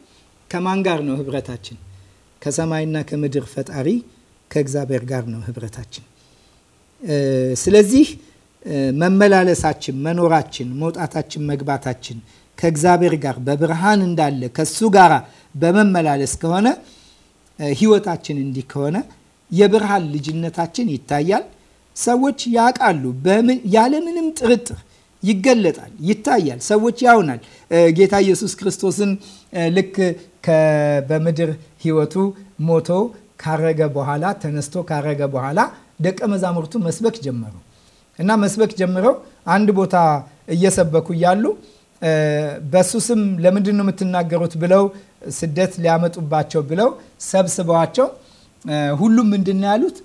ከማን ጋር ነው ህብረታችን? ከሰማይና ከምድር ፈጣሪ ከእግዚአብሔር ጋር ነው ህብረታችን። ስለዚህ መመላለሳችን፣ መኖራችን፣ መውጣታችን፣ መግባታችን ከእግዚአብሔር ጋር በብርሃን እንዳለ ከሱ ጋር በመመላለስ ከሆነ ህይወታችን እንዲህ ከሆነ የብርሃን ልጅነታችን ይታያል። ሰዎች ያውቃሉ። ያለምንም ጥርጥር ይገለጣል፣ ይታያል። ሰዎች ያውናል። ጌታ ኢየሱስ ክርስቶስን ልክ በምድር ህይወቱ ሞቶ ካረገ በኋላ ተነስቶ ካረገ በኋላ ደቀ መዛሙርቱ መስበክ ጀመሩ እና መስበክ ጀምረው አንድ ቦታ እየሰበኩ እያሉ በሱ ስም ለምንድን ነው የምትናገሩት ብለው ስደት ሊያመጡባቸው ብለው ሰብስበዋቸው ሁሉም ምንድን ነው ያሉት?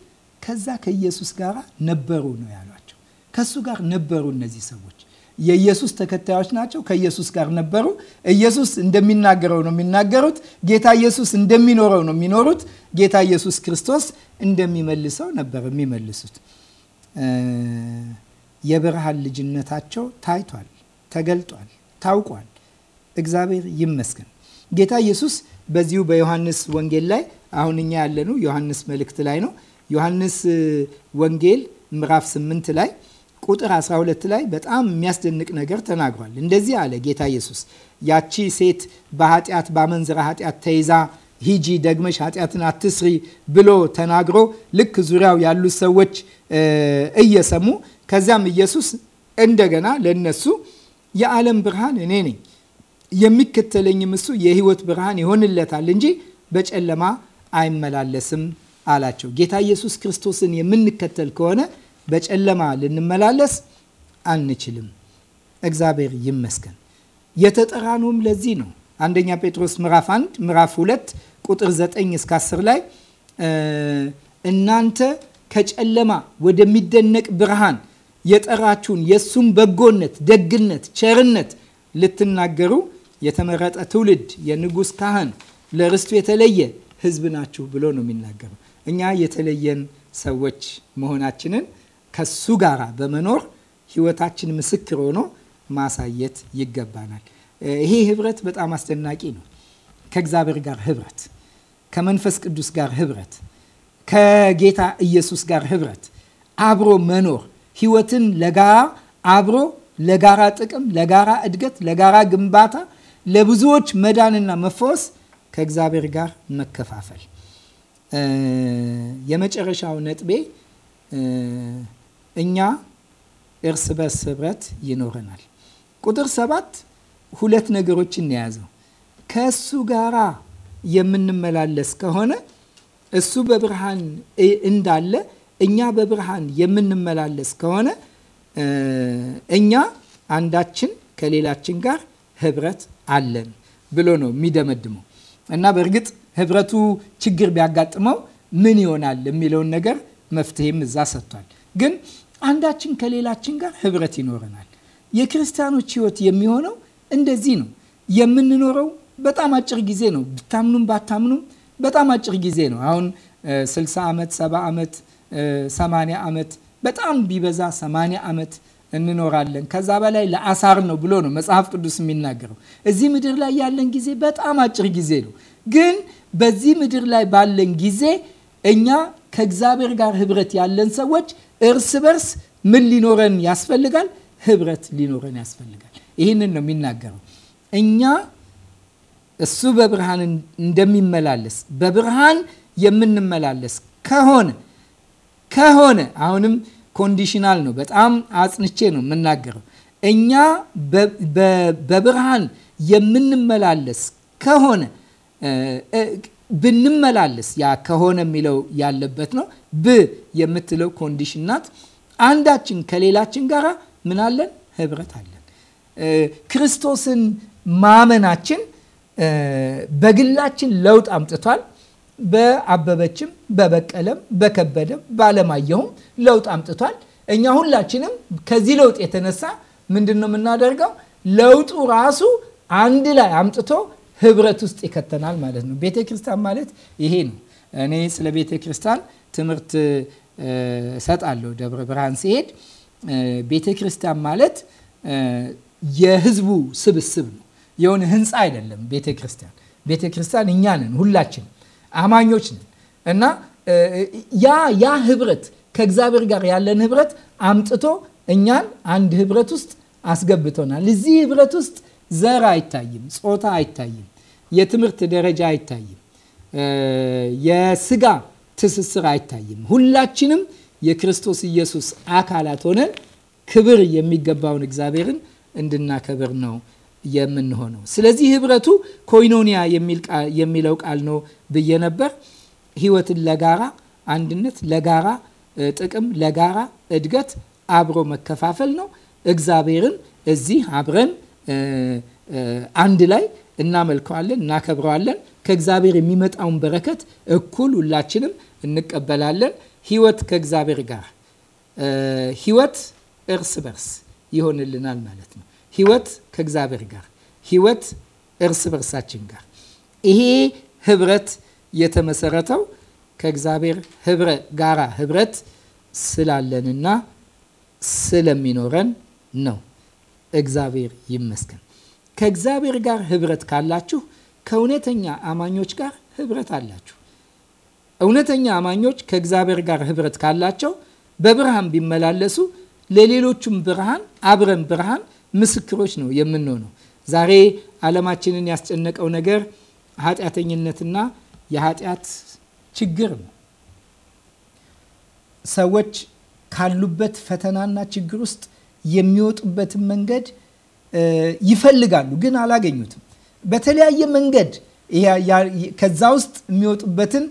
ከዛ ከኢየሱስ ጋር ነበሩ ነው ያሏቸው። ከሱ ጋር ነበሩ እነዚህ ሰዎች የኢየሱስ ተከታዮች ናቸው። ከኢየሱስ ጋር ነበሩ። ኢየሱስ እንደሚናገረው ነው የሚናገሩት። ጌታ ኢየሱስ እንደሚኖረው ነው የሚኖሩት። ጌታ ኢየሱስ ክርስቶስ እንደሚመልሰው ነበር የሚመልሱት። የብርሃን ልጅነታቸው ታይቷል፣ ተገልጧል፣ ታውቋል። እግዚአብሔር ይመስገን። ጌታ ኢየሱስ በዚሁ በዮሐንስ ወንጌል ላይ አሁን እኛ ያለነው ዮሐንስ መልእክት ላይ ነው። ዮሐንስ ወንጌል ምዕራፍ ስምንት ላይ ቁጥር 12 ላይ በጣም የሚያስደንቅ ነገር ተናግሯል። እንደዚህ አለ ጌታ ኢየሱስ ያቺ ሴት በኃጢአት ባመንዝራ ኃጢአት ተይዛ ሂጂ ደግመሽ ኃጢአትን አትስሪ ብሎ ተናግሮ ልክ ዙሪያው ያሉት ሰዎች እየሰሙ ከዚያም ኢየሱስ እንደገና ለነሱ የዓለም ብርሃን እኔ ነኝ፣ የሚከተለኝም እሱ የህይወት ብርሃን ይሆንለታል እንጂ በጨለማ አይመላለስም አላቸው። ጌታ ኢየሱስ ክርስቶስን የምንከተል ከሆነ በጨለማ ልንመላለስ አንችልም። እግዚአብሔር ይመስገን። የተጠራነውም ለዚህ ነው። አንደኛ ጴጥሮስ ምዕራፍ 1 ምዕራፍ 2 ቁጥር 9 እስከ 10 ላይ እናንተ ከጨለማ ወደሚደነቅ ብርሃን የጠራችሁን የእሱም በጎነት፣ ደግነት፣ ቸርነት ልትናገሩ የተመረጠ ትውልድ፣ የንጉሥ ካህን፣ ለርስቱ የተለየ ሕዝብ ናችሁ ብሎ ነው የሚናገረው። እኛ የተለየን ሰዎች መሆናችንን ከሱ ጋራ በመኖር ህይወታችን ምስክር ሆኖ ማሳየት ይገባናል። ይሄ ህብረት በጣም አስደናቂ ነው። ከእግዚአብሔር ጋር ህብረት፣ ከመንፈስ ቅዱስ ጋር ህብረት፣ ከጌታ ኢየሱስ ጋር ህብረት፣ አብሮ መኖር ህይወትን ለጋራ አብሮ ለጋራ ጥቅም፣ ለጋራ እድገት፣ ለጋራ ግንባታ፣ ለብዙዎች መዳንና መፈወስ ከእግዚአብሔር ጋር መከፋፈል የመጨረሻው ነጥቤ እኛ እርስ በርስ ህብረት ይኖረናል። ቁጥር ሰባት ሁለት ነገሮችን የያዘው ከእሱ ጋራ የምንመላለስ ከሆነ እሱ በብርሃን እንዳለ እኛ በብርሃን የምንመላለስ ከሆነ እኛ አንዳችን ከሌላችን ጋር ህብረት አለን ብሎ ነው የሚደመድመው እና በእርግጥ ህብረቱ ችግር ቢያጋጥመው ምን ይሆናል የሚለውን ነገር መፍትሄም እዛ ሰጥቷል ግን አንዳችን ከሌላችን ጋር ህብረት ይኖረናል። የክርስቲያኖች ህይወት የሚሆነው እንደዚህ ነው። የምንኖረው በጣም አጭር ጊዜ ነው። ብታምኑም ባታምኑም በጣም አጭር ጊዜ ነው። አሁን 60 ዓመት፣ 70 ዓመት፣ 80 ዓመት በጣም ቢበዛ 80 ዓመት እንኖራለን። ከዛ በላይ ለአሳር ነው ብሎ ነው መጽሐፍ ቅዱስ የሚናገረው። እዚህ ምድር ላይ ያለን ጊዜ በጣም አጭር ጊዜ ነው። ግን በዚህ ምድር ላይ ባለን ጊዜ እኛ ከእግዚአብሔር ጋር ህብረት ያለን ሰዎች እርስ በርስ ምን ሊኖረን ያስፈልጋል? ህብረት ሊኖረን ያስፈልጋል። ይህንን ነው የሚናገረው። እኛ እሱ በብርሃን እንደሚመላለስ በብርሃን የምንመላለስ ከሆነ ከሆነ አሁንም ኮንዲሽናል ነው። በጣም አጽንቼ ነው የምናገረው። እኛ በብርሃን የምንመላለስ ከሆነ ብንመላለስ ያ ከሆነ የሚለው ያለበት ነው። ብ የምትለው ኮንዲሽን ናት። አንዳችን ከሌላችን ጋር ምን አለን? ህብረት አለን። ክርስቶስን ማመናችን በግላችን ለውጥ አምጥቷል። በአበበችም፣ በበቀለም፣ በከበደም፣ ባለማየሁም ለውጥ አምጥቷል። እኛ ሁላችንም ከዚህ ለውጥ የተነሳ ምንድን ነው የምናደርገው? ለውጡ ራሱ አንድ ላይ አምጥቶ ህብረት ውስጥ ይከተናል ማለት ነው። ቤተ ክርስቲያን ማለት ይሄ ነው። እኔ ስለ ቤተ ክርስቲያን ትምህርት እሰጣለሁ ደብረ ብርሃን ሲሄድ። ቤተ ክርስቲያን ማለት የህዝቡ ስብስብ ነው። የሆነ ህንፃ አይደለም። ቤተ ክርስቲያን ቤተ ክርስቲያን እኛ ነን፣ ሁላችን አማኞች ነን እና ያ ያ ህብረት ከእግዚአብሔር ጋር ያለን ህብረት አምጥቶ እኛን አንድ ህብረት ውስጥ አስገብቶናል። እዚህ ህብረት ውስጥ ዘር አይታይም፣ ጾታ አይታይም፣ የትምህርት ደረጃ አይታይም፣ የስጋ ትስስር አይታይም። ሁላችንም የክርስቶስ ኢየሱስ አካላት ሆነን ክብር የሚገባውን እግዚአብሔርን እንድናከብር ነው የምንሆነው። ስለዚህ ህብረቱ ኮይኖኒያ የሚለው ቃል ነው ብዬ ነበር። ህይወትን ለጋራ አንድነት፣ ለጋራ ጥቅም፣ ለጋራ እድገት አብሮ መከፋፈል ነው። እግዚአብሔርን እዚህ አብረን አንድ ላይ እናመልከዋለን፣ እናከብረዋለን። ከእግዚአብሔር የሚመጣውን በረከት እኩል ሁላችንም እንቀበላለን። ህይወት ከእግዚአብሔር ጋር ህይወት እርስ በርስ ይሆንልናል ማለት ነው። ህይወት ከእግዚአብሔር ጋር ህይወት እርስ በርሳችን ጋር ይሄ ህብረት የተመሰረተው ከእግዚአብሔር ህብረ ጋራ ህብረት ስላለንና ስለሚኖረን ነው። እግዚአብሔር ይመስገን። ከእግዚአብሔር ጋር ህብረት ካላችሁ ከእውነተኛ አማኞች ጋር ህብረት አላችሁ። እውነተኛ አማኞች ከእግዚአብሔር ጋር ህብረት ካላቸው በብርሃን ቢመላለሱ ለሌሎቹም ብርሃን አብረን ብርሃን ምስክሮች ነው የምንሆነው። ዛሬ ዓለማችንን ያስጨነቀው ነገር ኃጢአተኝነትና የኃጢአት ችግር ነው። ሰዎች ካሉበት ፈተናና ችግር ውስጥ የሚወጡበትን መንገድ ይፈልጋሉ፣ ግን አላገኙትም። በተለያየ መንገድ ከዛ ውስጥ የሚወጡበትን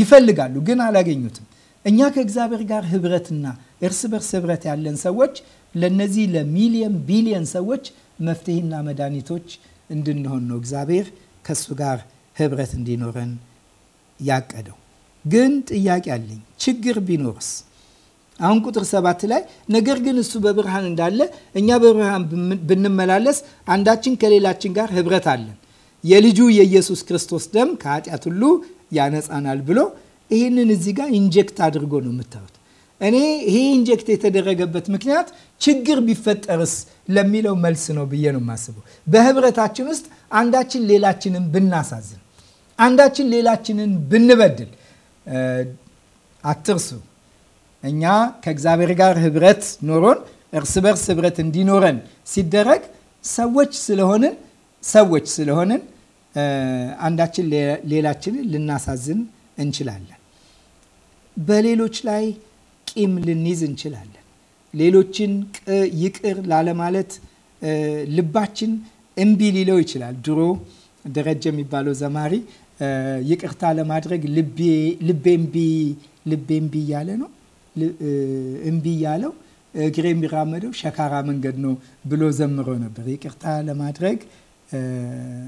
ይፈልጋሉ፣ ግን አላገኙትም። እኛ ከእግዚአብሔር ጋር ህብረትና እርስ በርስ ህብረት ያለን ሰዎች ለነዚህ ለሚሊየን ቢሊየን ሰዎች መፍትሄና መድኃኒቶች እንድንሆን ነው እግዚአብሔር ከእሱ ጋር ህብረት እንዲኖረን ያቀደው። ግን ጥያቄ አለኝ። ችግር ቢኖርስ አሁን ቁጥር ሰባት ላይ ነገር ግን እሱ በብርሃን እንዳለ እኛ በብርሃን ብንመላለስ አንዳችን ከሌላችን ጋር ህብረት አለን፣ የልጁ የኢየሱስ ክርስቶስ ደም ከኃጢአት ሁሉ ያነጻናል ብሎ ይህንን እዚህ ጋር ኢንጀክት አድርጎ ነው የምታዩት። እኔ ይሄ ኢንጀክት የተደረገበት ምክንያት ችግር ቢፈጠርስ ለሚለው መልስ ነው ብዬ ነው የማስበው። በህብረታችን ውስጥ አንዳችን ሌላችንን ብናሳዝን፣ አንዳችን ሌላችንን ብንበድል አትርሱ እኛ ከእግዚአብሔር ጋር ህብረት ኖሮን እርስ በርስ ህብረት እንዲኖረን ሲደረግ ሰዎች ስለሆንን ሰዎች ስለሆንን አንዳችን ሌላችንን ልናሳዝን እንችላለን። በሌሎች ላይ ቂም ልንይዝ እንችላለን። ሌሎችን ይቅር ላለማለት ልባችን እምቢ ሊለው ይችላል። ድሮ ደረጀ የሚባለው ዘማሪ ይቅርታ ለማድረግ ልቤ እምቢ ልቤ እምቢ እያለ ነው እምቢ ያለው እግሬ የሚራመደው ሸካራ መንገድ ነው ብሎ ዘምሮ ነበር። ይቅርታ ለማድረግ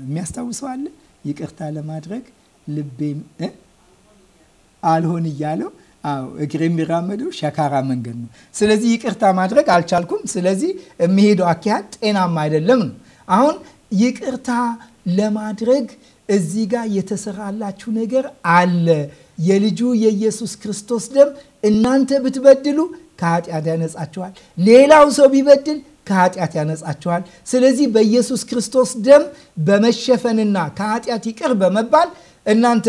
የሚያስታውሰው አለ። ይቅርታ ለማድረግ ልቤም አልሆን እያለው አዎ እግሬ የሚራመደው ሸካራ መንገድ ነው። ስለዚህ ይቅርታ ማድረግ አልቻልኩም። ስለዚህ የሚሄደው አኪያት ጤናማ አይደለም ነው። አሁን ይቅርታ ለማድረግ እዚህ ጋር የተሰራላችሁ ነገር አለ የልጁ የኢየሱስ ክርስቶስ ደም እናንተ ብትበድሉ ከኃጢአት ያነጻችኋል። ሌላው ሰው ቢበድል ከኃጢአት ያነጻችኋል። ስለዚህ በኢየሱስ ክርስቶስ ደም በመሸፈንና ከኃጢአት ይቅር በመባል እናንተ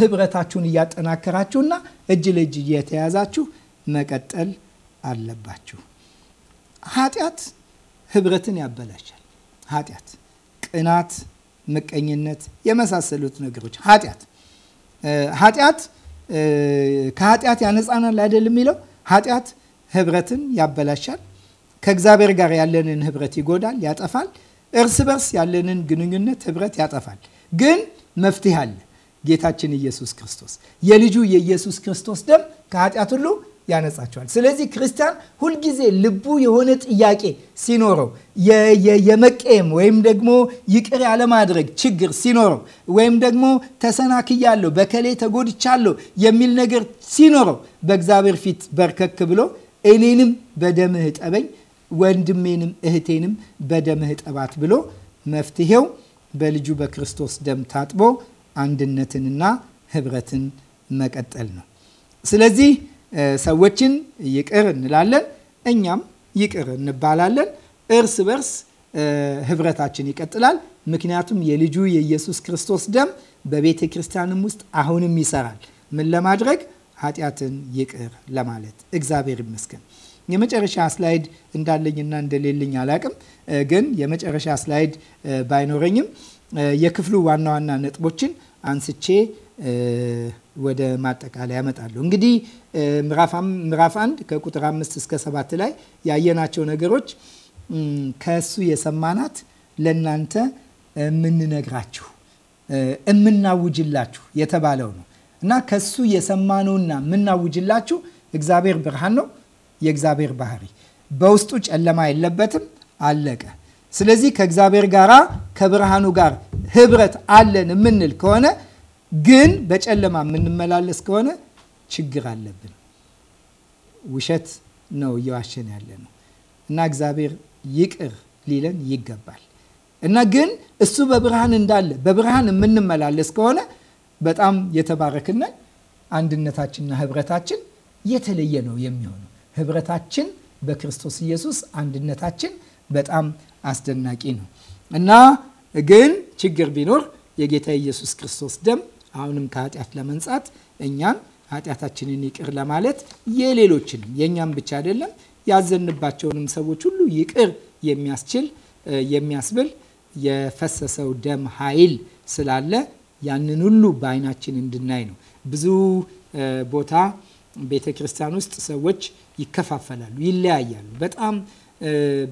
ህብረታችሁን እያጠናከራችሁና እጅ ለእጅ እየተያዛችሁ መቀጠል አለባችሁ። ኃጢአት ህብረትን ያበላሻል። ኃጢአት፣ ቅናት፣ ምቀኝነት የመሳሰሉት ነገሮች ኃጢአት ኃጢአት ከኃጢአት ያነጻናል አይደል የሚለው ኃጢአት ህብረትን ያበላሻል፣ ከእግዚአብሔር ጋር ያለንን ህብረት ይጎዳል፣ ያጠፋል። እርስ በርስ ያለንን ግንኙነት ህብረት ያጠፋል። ግን መፍትሄ አለ። ጌታችን ኢየሱስ ክርስቶስ የልጁ የኢየሱስ ክርስቶስ ደም ከኃጢአት ሁሉ ያነጻቸዋል። ስለዚህ ክርስቲያን ሁልጊዜ ልቡ የሆነ ጥያቄ ሲኖረው የመቀየም ወይም ደግሞ ይቅር ያለማድረግ ችግር ሲኖረው ወይም ደግሞ ተሰናክያለሁ፣ በከሌ ተጎድቻለሁ የሚል ነገር ሲኖረው በእግዚአብሔር ፊት በርከክ ብሎ እኔንም በደምህ ጠበኝ፣ ወንድሜንም እህቴንም በደምህ ጠባት ብሎ መፍትሄው በልጁ በክርስቶስ ደም ታጥቦ አንድነትንና ህብረትን መቀጠል ነው። ስለዚህ ሰዎችን ይቅር እንላለን፣ እኛም ይቅር እንባላለን። እርስ በርስ ህብረታችን ይቀጥላል። ምክንያቱም የልጁ የኢየሱስ ክርስቶስ ደም በቤተ ክርስቲያንም ውስጥ አሁንም ይሰራል። ምን ለማድረግ ኃጢአትን ይቅር ለማለት እግዚአብሔር ይመስገን። የመጨረሻ ስላይድ እንዳለኝና እንደሌለኝ አላቅም፣ ግን የመጨረሻ ስላይድ ባይኖረኝም የክፍሉ ዋና ዋና ነጥቦችን አንስቼ ወደ ማጠቃለያ ያመጣሉ። እንግዲህ ምዕራፍ አንድ ከቁጥር አምስት እስከ ሰባት ላይ ያየናቸው ነገሮች ከእሱ የሰማናት ለእናንተ የምንነግራችሁ እምናውጅላችሁ የተባለው ነው እና ከሱ የሰማነውና የምናውጅላችሁ እግዚአብሔር ብርሃን ነው። የእግዚአብሔር ባህሪ በውስጡ ጨለማ የለበትም። አለቀ። ስለዚህ ከእግዚአብሔር ጋራ ከብርሃኑ ጋር ህብረት አለን የምንል ከሆነ ግን በጨለማ የምንመላለስ ከሆነ ችግር አለብን። ውሸት ነው እየዋሸን ያለ ነው እና እግዚአብሔር ይቅር ሊለን ይገባል እና ግን እሱ በብርሃን እንዳለ በብርሃን የምንመላለስ ከሆነ በጣም የተባረክነ አንድነታችንና ህብረታችን የተለየ ነው የሚሆነው። ህብረታችን በክርስቶስ ኢየሱስ አንድነታችን በጣም አስደናቂ ነው እና ግን ችግር ቢኖር የጌታ ኢየሱስ ክርስቶስ ደም አሁንም ከኃጢአት ለመንጻት እኛን ኃጢአታችንን ይቅር ለማለት የሌሎችንም የእኛም ብቻ አይደለም ያዘንባቸውንም ሰዎች ሁሉ ይቅር የሚያስችል የሚያስብል የፈሰሰው ደም ኃይል ስላለ ያንን ሁሉ በአይናችን እንድናይ ነው። ብዙ ቦታ ቤተ ክርስቲያን ውስጥ ሰዎች ይከፋፈላሉ፣ ይለያያሉ። በጣም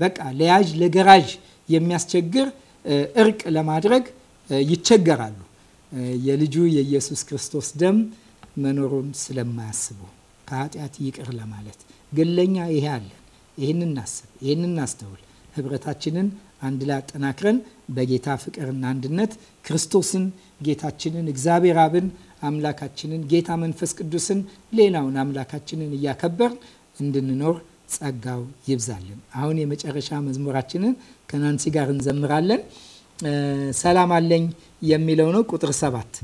በቃ ለያዥ ለገራዥ የሚያስቸግር እርቅ ለማድረግ ይቸገራሉ። የልጁ የኢየሱስ ክርስቶስ ደም መኖሩን ስለማያስቡ ከኃጢአት ይቅር ለማለት ግን ለእኛ ይሄ አለን። ይህን እናስብ፣ ይህን እናስተውል። ህብረታችንን አንድ ላይ አጠናክረን በጌታ ፍቅርና አንድነት ክርስቶስን ጌታችንን እግዚአብሔር አብን አምላካችንን ጌታ መንፈስ ቅዱስን ሌላውን አምላካችንን እያከበር እንድንኖር ጸጋው ይብዛልን። አሁን የመጨረሻ መዝሙራችንን ከናንሲ ጋር እንዘምራለን። ሰላም አለኝ የሚለው ነው። ቁጥር ሰባት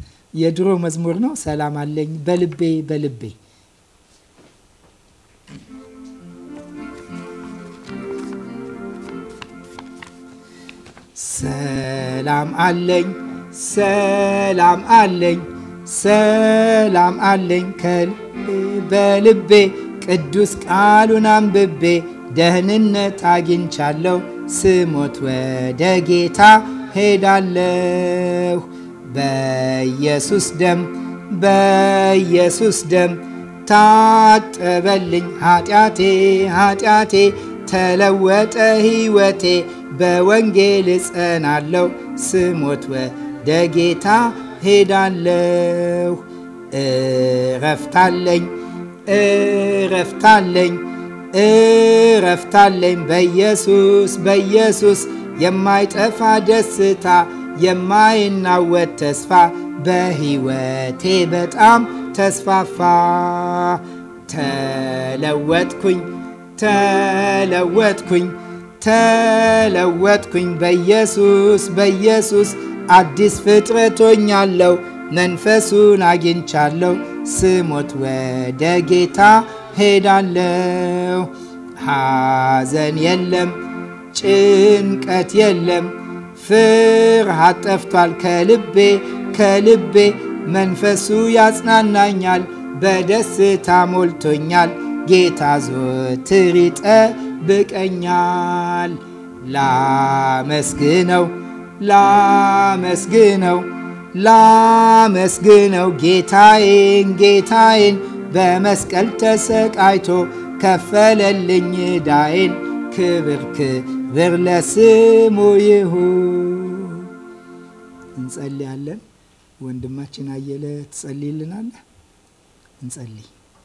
የድሮ መዝሙር ነው። ሰላም አለኝ በልቤ በልቤ ሰላም አለኝ ሰላም አለኝ ሰላም አለኝ ከል በልቤ ቅዱስ ቃሉን አንብቤ ደህንነት አግኝቻለሁ ስሞት ወደ ጌታ ሄዳለሁ በኢየሱስ ደም በኢየሱስ ደም ታጠበልኝ ኃጢአቴ ኃጢአቴ ተለወጠ ሕይወቴ በወንጌል እጸናለሁ ስሞት ወደ ጌታ ሄዳለሁ እረፍታለኝ እረፍታለኝ እረፍታለኝ በኢየሱስ በኢየሱስ የማይጠፋ ደስታ የማይናወጥ ተስፋ በሕይወቴ በጣም ተስፋፋ። ተለወጥኩኝ ተለወጥኩኝ ተለወጥኩኝ በኢየሱስ በኢየሱስ አዲስ ፍጥረቶኛለው መንፈሱን አግኝቻለው ስሞት ወደ ጌታ ሄዳለው ሐዘን የለም ጭንቀት የለም፣ ፍርሃት ጠፍቷል ከልቤ ከልቤ መንፈሱ ያጽናናኛል፣ በደስታ ሞልቶኛል፣ ጌታ ዘወትር ይጠብቀኛል። ላመስግነው ላመስግነው ላመስግነው ጌታዬን ጌታዬን በመስቀል ተሰቃይቶ ከፈለልኝ ዳዬን ክብር ዘብለስሙ ይሁን። እንጸልያለን። ወንድማችን አየለ ትጸልይልናለህ? እንጸልይ።